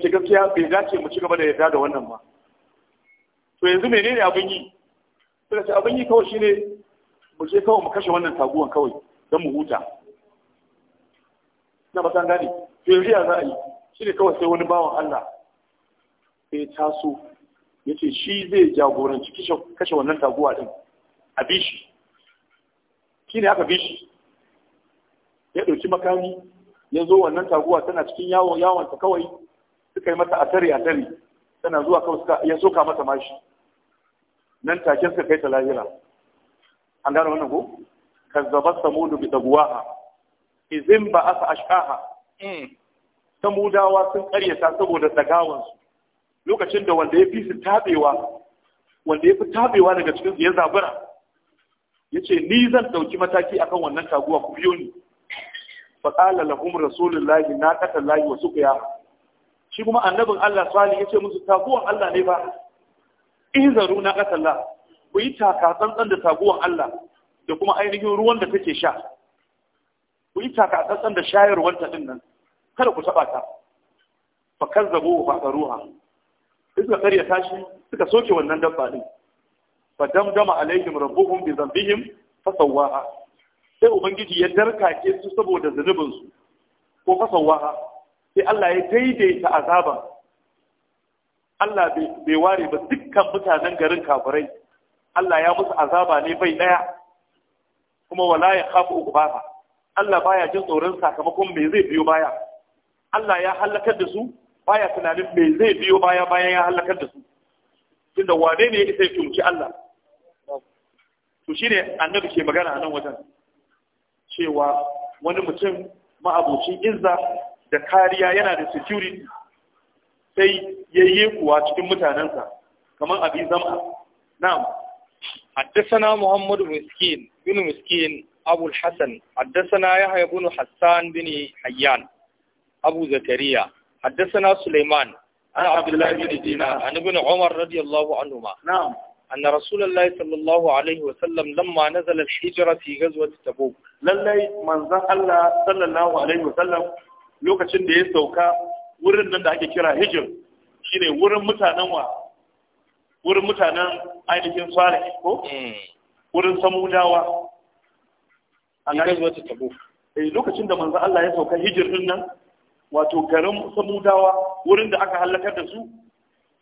suka ce gaskiya bai dace mu ci gaba da yarda da wannan ba to yanzu menene abin yi suka ce abin yi kawai shine mu je kawai mu kashe wannan taguwan kawai don mu huta na ba san gani to yanzu ya za a yi shine kawai sai wani bawan Allah sai taso ya ce shi zai jagoranci kashe wannan taguwa din a bishi shi ne aka bishi ya ɗauki makami ya zo wannan taguwa tana cikin yawon yawonta kawai suka yi mata atari atari tana zuwa kawai suka ya soka mata mashi nan take suka kai ta lahira an gano wannan ko kazzabat samudu bi dagwaha izin ba aka ashqaha mm. samudawa sun karyata saboda dagawansu lokacin da wanda ya fi su tabewa wanda ya fi tabewa daga cikin ya zabura ya ce ni zan dauki mataki akan wannan taguwa ku biyo ni faƙala lahum rasulullahi na ƙasa layi wa suka ya shi kuma annabin Allah salih ya ce musu taguwan Allah ne ba izaru na kasalla ku yi taka tsantsan da taguwan Allah da kuma ainihin ruwan da take sha ku yi taka tsantsan da shayarwar ta din nan kada ku taɓa ta fa kazzabu fa qaruha suka karya tashi suka soke wannan dabba din fa damdama alaihim rabbuhum bi dhanbihim fa sawaha sai ubangiji ya darkake su saboda zunubinsu ko fa sawaha sai Allah ya daidaita azaban Allah bai ware ba dukkan mutanen garin kafirai Allah ya musu azaba ne bai daya kuma wala ya khafu uqbaha Allah baya jin tsoron sakamakon me zai biyo baya Allah ya halakar da su baya tunanin me zai biyo baya bayan ya halakar da su tunda wane ne ya sai tunki Allah to shine annabi ke magana a nan wajen cewa wani mutum ma'abucin izza da kariya yana da security sai yayye kuwa cikin mutanensa kamar abi zama na'am حدثنا محمد بن مسكين بن مسكين أبو الحسن حدثنا يحيى بن حسان بن حيان أبو زكريا حدثنا سليمان عن عبد الله بن دينار عن ابن عمر رضي الله عنهما نعم أن رسول الله صلى الله عليه وسلم لما نزل الحجرة في غزوة تبوك لله من الله صلى الله عليه وسلم lokacin da ya sauka wurin nan da ake kira hijir shine wurin mutanen wa wurin mutanen ainihin salih ko hmm. wurin samudawa a garin tabo eh lokacin da manzo Allah ya sauka hijir din nan wato garin samudawa wurin da aka halakar da su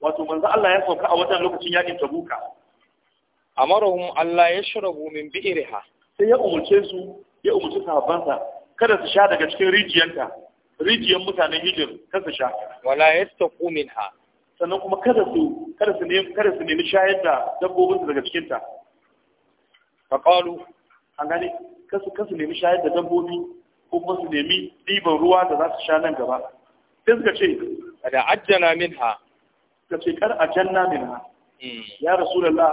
wato manzo Allah ya sauka a wannan lokacin yakin tabuka amarahum Allah ya shrabu min bi'riha sai ya umurce su ya umurce sahabbansa kada su sha daga cikin rijiyarta rijiyar mutanen hijir kasa sha wala yastaqu ha. sannan kuma kada su kada su nemi kada su nemi shayar da dabbobin su daga cikin ta fa qalu an gane kasu kasu nemi shayar da dabbobi ko kuma su nemi ɗiban ruwa da za su sha nan gaba sai suka ce da ajjana min ha. ka ce kar min ha. ya rasulullah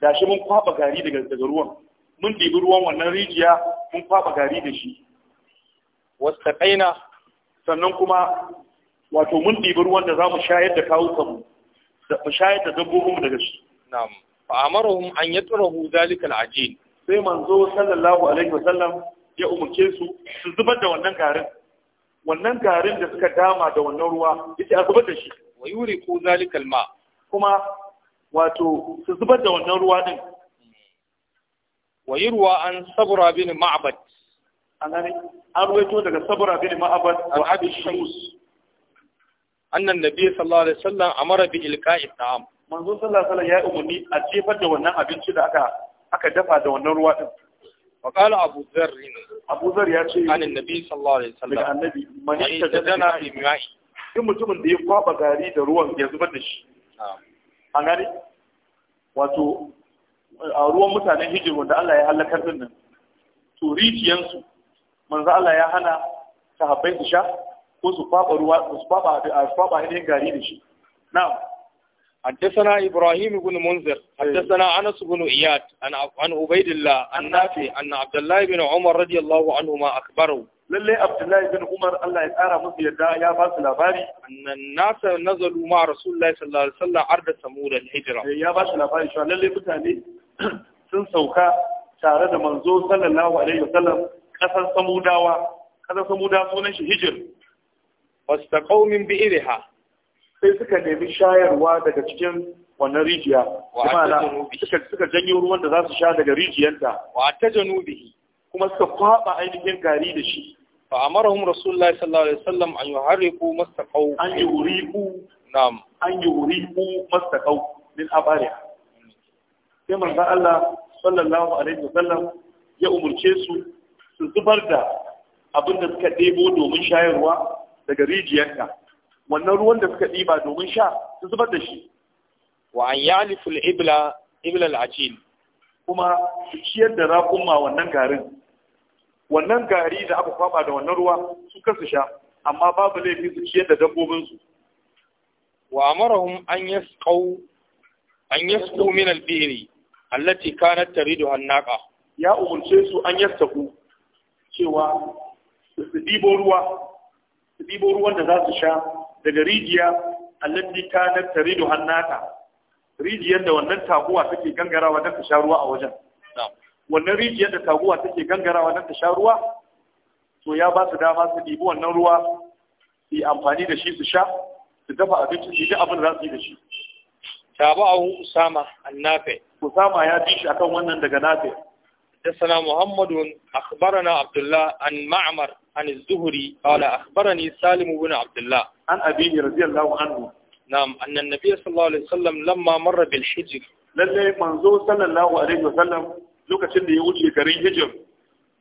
da shi mun kwaba gari daga daga ruwan mun ɗibi ruwan wannan rijiya mun kwaba gari da shi wastaqaina sannan kuma wato mun ɗibi ruwan da za mu shayar da kawukanmu da mu shayar da dabbobinmu daga shi na'am fa amarahum an yatrahu zalika al'ajin sai manzo sallallahu alaihi wasallam ya umurce su su zubar da wannan garin wannan garin da suka dama da wannan ruwa yace a zubar da shi wa yuriku zalika ma. kuma wato su zubar da wannan ruwa din wa yurwa an sabra bin ma'bad an gane an ruwaito daga sabra bin ma'abad wa abi shams annan nabi sallallahu alaihi wasallam amara bi ilqa'i ta'am manzo sallallahu alaihi ya yi umarni a jefar da wannan abinci da aka dafa da wannan ruwa din wa qala abu dharr abu dharr ya ce annan nabi sallallahu alaihi wasallam daga annabi man yatadana bi ma'i in mutumin da ya kwaba gari da ruwan ya zubar da shi an gane wato a ruwan mutanen hijir da Allah ya halakar din nan to rijiyansu manzo Allah ya hana sahabbai su sha ko su kwaba ruwa su kwaba da su kwaba ne gari da shi na'am حدثنا إبراهيم بن منذر حدثنا أنس بن إياد عن عن عبيد الله النافي أن عبد الله بن عمر رضي الله عنهما أخبره للي عبد الله بن عمر الله يتعرى مصر يدعى يا باس الأباري أن الناس نزلوا مع رسول الله صلى الله عليه وسلم عرض سمود الهجرة يا باس الأباري شو للي بتاني سن سوكا تارد منزول صلى الله عليه وسلم ƙasar samudawa ƙasar samudawa sunan shi hijir Wasu wastaqaw min bi'riha sai suka nemi shayarwa daga cikin wannan rijiya kuma suka janyo ruwan da za su sha daga rijiyanta wa ta janubihi kuma suka kwaba ainihin gari da shi fa amarahum rasulullahi sallallahu alaihi wasallam an yuhariqu mastaqaw an yuriqu na'am an yuriqu mastaqaw min abariha sai manzo Allah sallallahu alaihi wasallam ya umurce su su zubar da abin da suka ɗebo domin shayarwa daga rijiyarta wannan ruwan da suka ɗiba domin sha su zubar da shi wa an yalifu ibla ibla al'ajil kuma su ciyar da raƙumma wannan garin wannan gari da aka kwaba da wannan ruwa su kasu sha amma babu laifi su ciyar da dabbobinsu wa amarahum an yasqau an yasqu min al-biri allati kanat taridu an-naqa ya umurce su an ku. cewa su ɗibo ruwa su ɗibo ruwan da za su sha daga rijiya allati kanat taridu hannata rijiyar da wannan taguwa take gangarawa don ta sha ruwa a wajen wannan rijiyar da taguwa take gangarawa don ta sha ruwa to ya ba su dama su ɗibi wannan ruwa su yi amfani da shi su sha su dafa abinci su yi abin da za su yi da shi tabu abu usama annafe usama ya bi shi akan wannan daga nafe حدثنا محمد أخبرنا عبد الله عن معمر عن الزهري قال أخبرني سالم بن عبد الله عن أبيه رضي الله عنه نعم أن النبي صلى الله عليه وسلم لما مر بالحجر لله منظور صلى الله عليه وسلم لك شد يوجه كرين هجر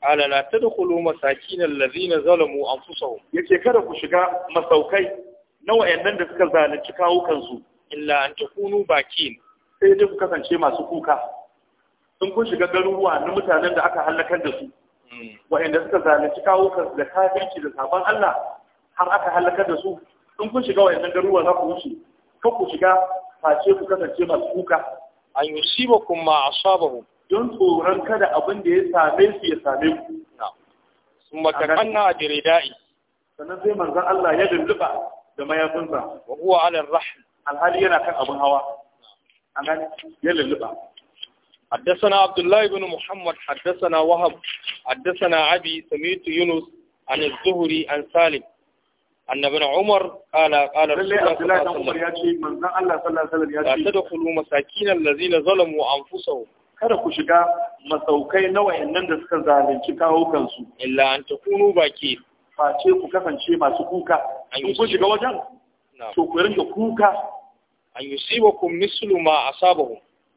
على لا تدخلوا مساكين الذين ظلموا أنفسهم يكي كرف شقاء مسوكي نوع أنن دسك ذلك شكاو كنسو إلا أن تكونوا باكين سيدف كسان شيء ما سكوكا in kun shiga garuruwa na mutanen da aka halakar da su wa'inda suka zalunci kawo kansu da kafirci da sabon Allah har aka halakar da su in kun shiga wa'annan garuruwa za ku wuce ko ku shiga face ku kasance masu kuka an yusibakum ma asabahu don tsoron kada abin da ya same su ya same ku ثم تكنى بردائه sannan sai manzan Allah ya dulluba da mayafinsa wa huwa ala ar alhali yana kan abin hawa A an ya lulluɓa. حدثنا عبد الله بن محمد حدثنا وهب حدثنا أبي سميت يونس عن الزهري عن سالم أن ابن عمر قال قال رسول الله صلى الله عليه وسلم لا تدخلوا مساكين الذين ظلموا أنفسهم kada ku shiga masaukai na wayannan suka zalunci baki face ku kasance masu kuka in ku shiga wajen to ku rinka kuka an yusibakum mislu ma asabahum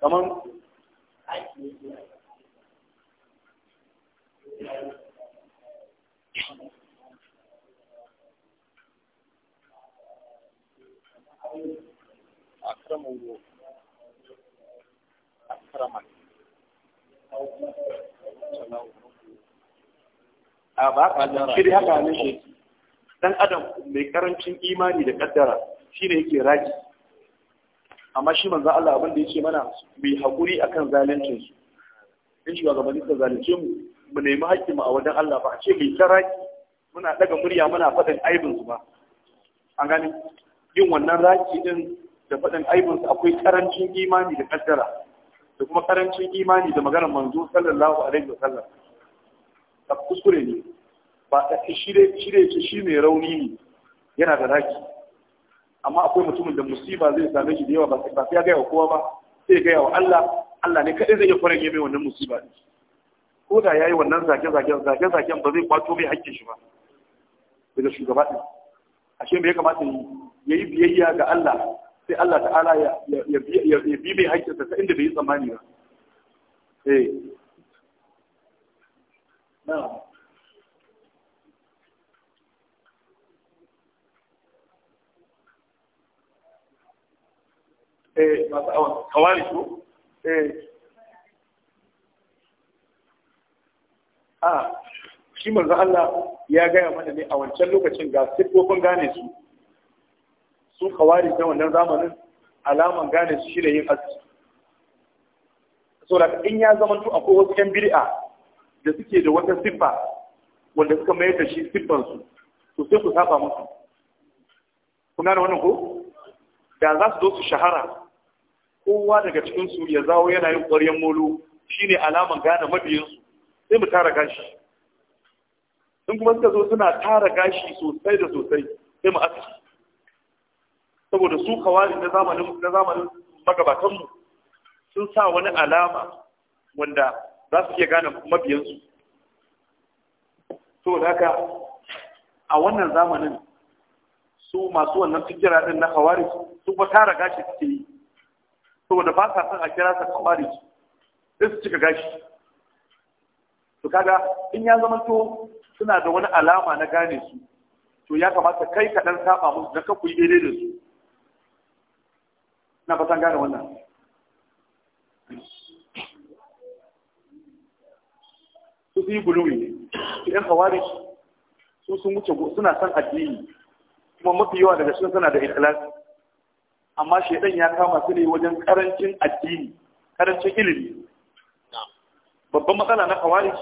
kamar a ba shi da haka ne shi dan adam mai karancin imani da kaddara ne yake raki amma shi manzo Allah abin da yake mana bi hakuri akan zaluncin su in shugabanni suka zalunce mu mu nemi mu a wajen Allah ba a ce mai taraki muna daga murya muna faɗin aibin su ba an gani yin wannan raki din da faɗin aibin su akwai karancin imani da kaddara da kuma karancin imani da maganar manzo sallallahu alaihi wa sallam da kuskure ne ba ta shi dai shi ne shi mai rauni ne yana da raki amma akwai mutumin da musiba zai same shi da yawa ba sai ya gaya wa kowa ba sai ya gaya wa Allah Allah ne kaɗai zai iya kwarage mai wannan musiba ɗin ko da ya yi wannan zaken-zaken, zaken-zaken ba zai kwato mai hakkin shi ba daga shugaba ɗin ashe me ya kamata yi ya yi biyayya ga Allah sai Allah ta'ala ya bi mai hakkin sa inda bai yi tsammani ba eh na'am eh masu a shi eh. ah, manzo Allah ya gaya mana ne a wancan lokacin ga siffofin gane su su kawari na wannan zamanin alaman gane su shine yin aski so in ya zama to akwai wasu yan bid'a da suke da wata siffa wanda suka mayar da shi siffan su to sai ku saba musu kuna da wannan ko da za su zo su shahara kowa daga cikin su ya zawo yana yin ƙwaryen molo shine alaman gane mabiyansu sai mu tara gashi sun kuma suka zo suna tara gashi sosai da sosai sai mu aski saboda su kawari na zamanin na zamanin magabatanmu sun sa wani alama wanda za su iya gane mabiyansu saboda haka a wannan zamanin su masu wannan fikira din na kawari su kuma tara gashi suke yi saboda ba sa son a kira sa kawari sai su cika gashi to kaga in ya zama to suna da wani alama na gane su to ya kamata kai ka dan saba musu da ka kuyi daidai da su na fatan gane wannan su su yi buluwi su yan kawari su sun wuce suna son addini kuma mafi yawa daga cikin suna da ikhlasi amma shaidan ya kama su ne wajen karancin addini karancin ilimi babban matsala na khawarij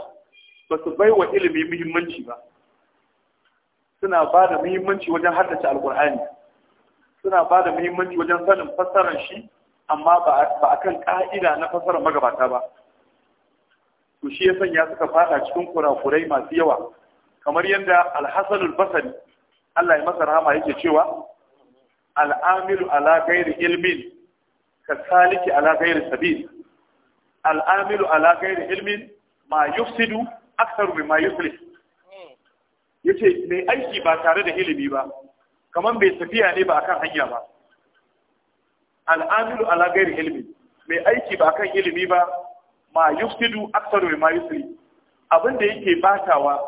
ba su bai wa ilimi muhimmanci ba suna ba da muhimmanci wajen haddace alkur'ani suna ba da muhimmanci wajen sanin fassarar shi amma ba a kan ƙa'ida na fassarar magabata ba to shi ya sanya suka fada cikin kurakurai masu yawa kamar yadda alhassan basari allah ya masa rahama yake cewa al'amilu ala gairi ilmin ka saliki ala gairi sabil al'amilu ala gairi ilmin ma yufsidu aksaru mimma Ya ce mai aiki ba tare da ilimi ba kamar bai tafiya ne ba akan hanya ba al'amilu ala gairi ilmi mai aiki ba akan ilimi ba ma yufsidu aksaru mimma yuslih abin da yake batawa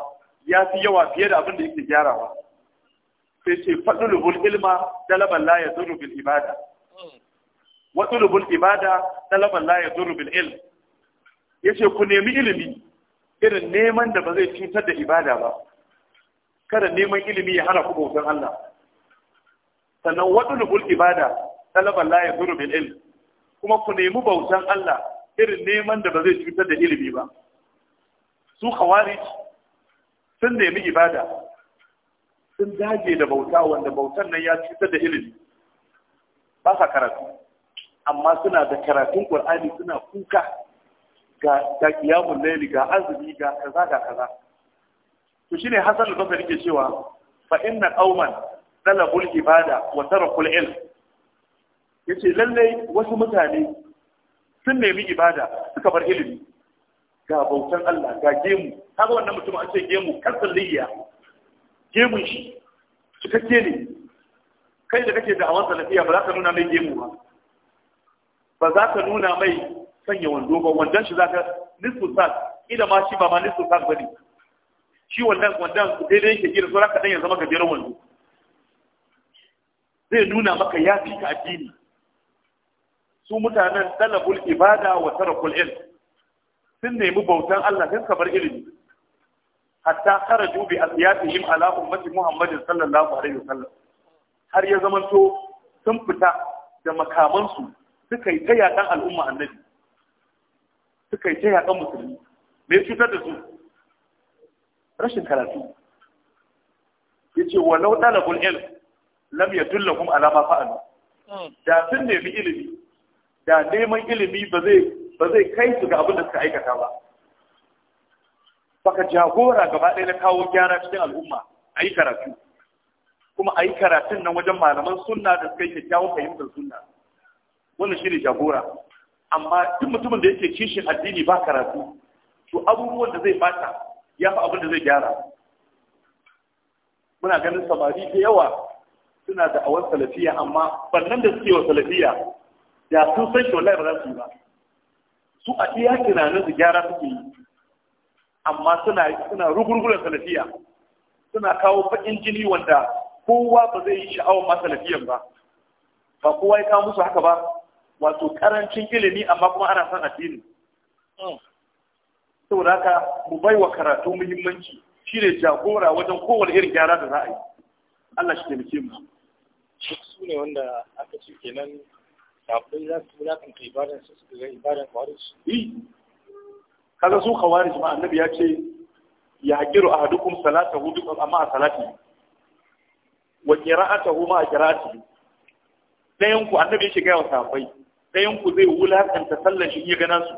ya fi yawa fiye da abin da yake gyarawa sai ce fadlubul ilma talaban la yadurru bil ibada wa tulubul ibada talaban la yadurru bil ilm Ya ce ku nemi ilimi irin neman da ba zai cutar da ibada ba kada neman ilimi ya hana ku bautan Allah sannan wa tulubul ibada talaban la yadurru bil ilm kuma ku nemi bautan Allah irin neman da ba zai cutar da ilimi ba su khawarij sun nemi ibada sun dage da bauta wanda bautan nan ya cutar da ilimi ba sa karatu amma suna da karatun qur'ani suna kuka ga ga qiyamul ga azumi ga kaza ga kaza to shine hasan al-basri yake cewa fa inna qauman talabul ibada wa tarakul ilm yace lalle wasu mutane sun nemi ibada suka bar ilimi ga bautan Allah ga gemu kaga wannan mutum an ce gemu kasalliya gemun shi cikakke ne kai da kake da awon salafiya ba za ka nuna mai gemu ba ba za ka nuna mai sanya wando ba wandon shi za ka nisu sa ila ma shi ba ma nisu sa ba ne shi wandon wandon daidai yake gina sauran ka danya zama gajeren wando zai nuna maka ya fi ka addini su mutanen talabul ibada wa tarakul ilm sun nemi bautan Allah sai kamar bar ilimi hatta kharaju bi asiyatihim ala ummati muhammadin sallallahu alaihi wasallam har ya zamanto sun fita da makamansu suka yi ta yaƙan al'umma annabi suka yi ta yaƙan musulmi me cutar da su rashin karatu ya ce lau ɗalabul ilm lam ya dullahum alama fa'alu hmm. da sun nemi ilimi da neman ilimi ba zai kai su ga abin da suka aikata ba baka jagora gaba ɗaya na kawo gyara cikin al'umma a yi karatu kuma a yi karatun nan wajen malaman sunna da suka yi kyakkyawan fahimtar sunna wannan shi ne jagora amma duk mutumin da yake kishin addini ba karatu to abubuwan da zai bata ya fi abin da zai gyara muna ganin samari da yawa suna da awar salafiya amma bannan da suke wa salafiya da sun san shi wallahi ba za su yi ba su a iya tunanin su gyara suke yi amma suna suna rugurgulan salafiya suna kawo bakin jini wanda kowa ba zai yi sha'awar ma salafiyan ba ba kowa ya kawo musu haka ba wato karancin ilimi amma kuma ana son addini hmm. saboda haka mu bai wa karatu muhimmanci shi ne jagora wajen kowane irin gyara da za a yi Allah shi taimake mu su ne wanda aka ce kenan kafin za su ibadan su su ga ibadan kwarin su eh, kaga su khawarij ma annabi ya ce ya hakiru ahadukum salatahu bi amma a salati wa qira'atuhu ma qira'ati Ɗayan ku annabi ya gaya wa sahabbai ɗayan ku zai wulakanta sallar shi ya gana su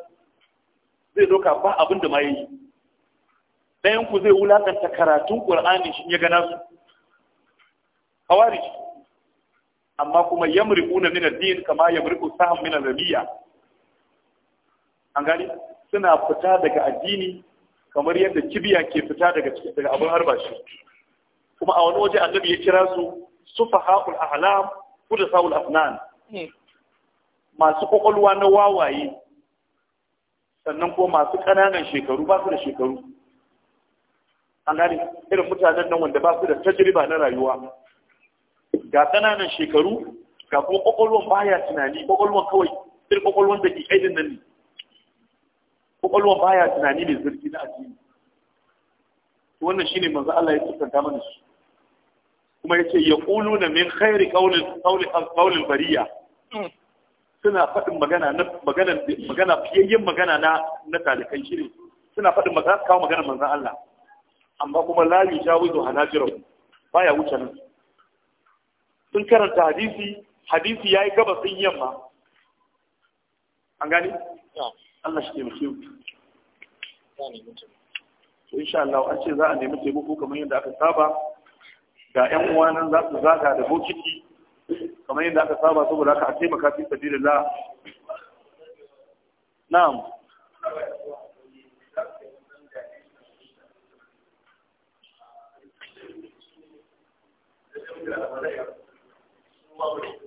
zai doka ba abin da ma yi Ɗayan ku zai wulakanta karatun qur'ani shi ya gana su khawarij amma kuma yamriquna min ad-din kama yamriqu sahm min al-rabiya an gani suna fita daga addini kamar yadda kibiya ke fita daga daga abin harbashi kuma a wani waje annabi ya kira su sufaha'ul ahlam saul afnan eh. masu kokolwa na wawaye sannan ko masu ƙananan shekaru ba su da shekaru an gane irin mutanen nan wanda ba su da tajriba na rayuwa ga ƙananan shekaru ga kuma baya tunani kwakwalwan kawai irin kwakwalwan da ke aidin nan ne kwakwalwa baya tunani mai zurfi na addini wannan shine manzo Allah ya tsanta mana shi kuma yace na min khairi qawlin qawlin qawlin bariya suna faɗin magana na magana magana fiyayyen magana na na talikai shine suna faɗin magana kawo magana manzo Allah amma kuma la yujawizu hanajirum baya wuce nan sun karanta hadisi hadisi yayi gaba sun yamma an gani Allah shi taimake mu to insha Allah an ce za a nemi taimako kamar yadda aka saba ga ƴan uwa nan za su zaga da bokiti kamar yadda aka saba saboda aka taimaka fi sabilillah na'am Thank you.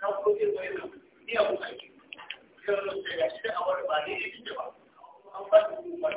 kawo irin wannan ni abu kai kiran da shi da awar ba ne yake ba an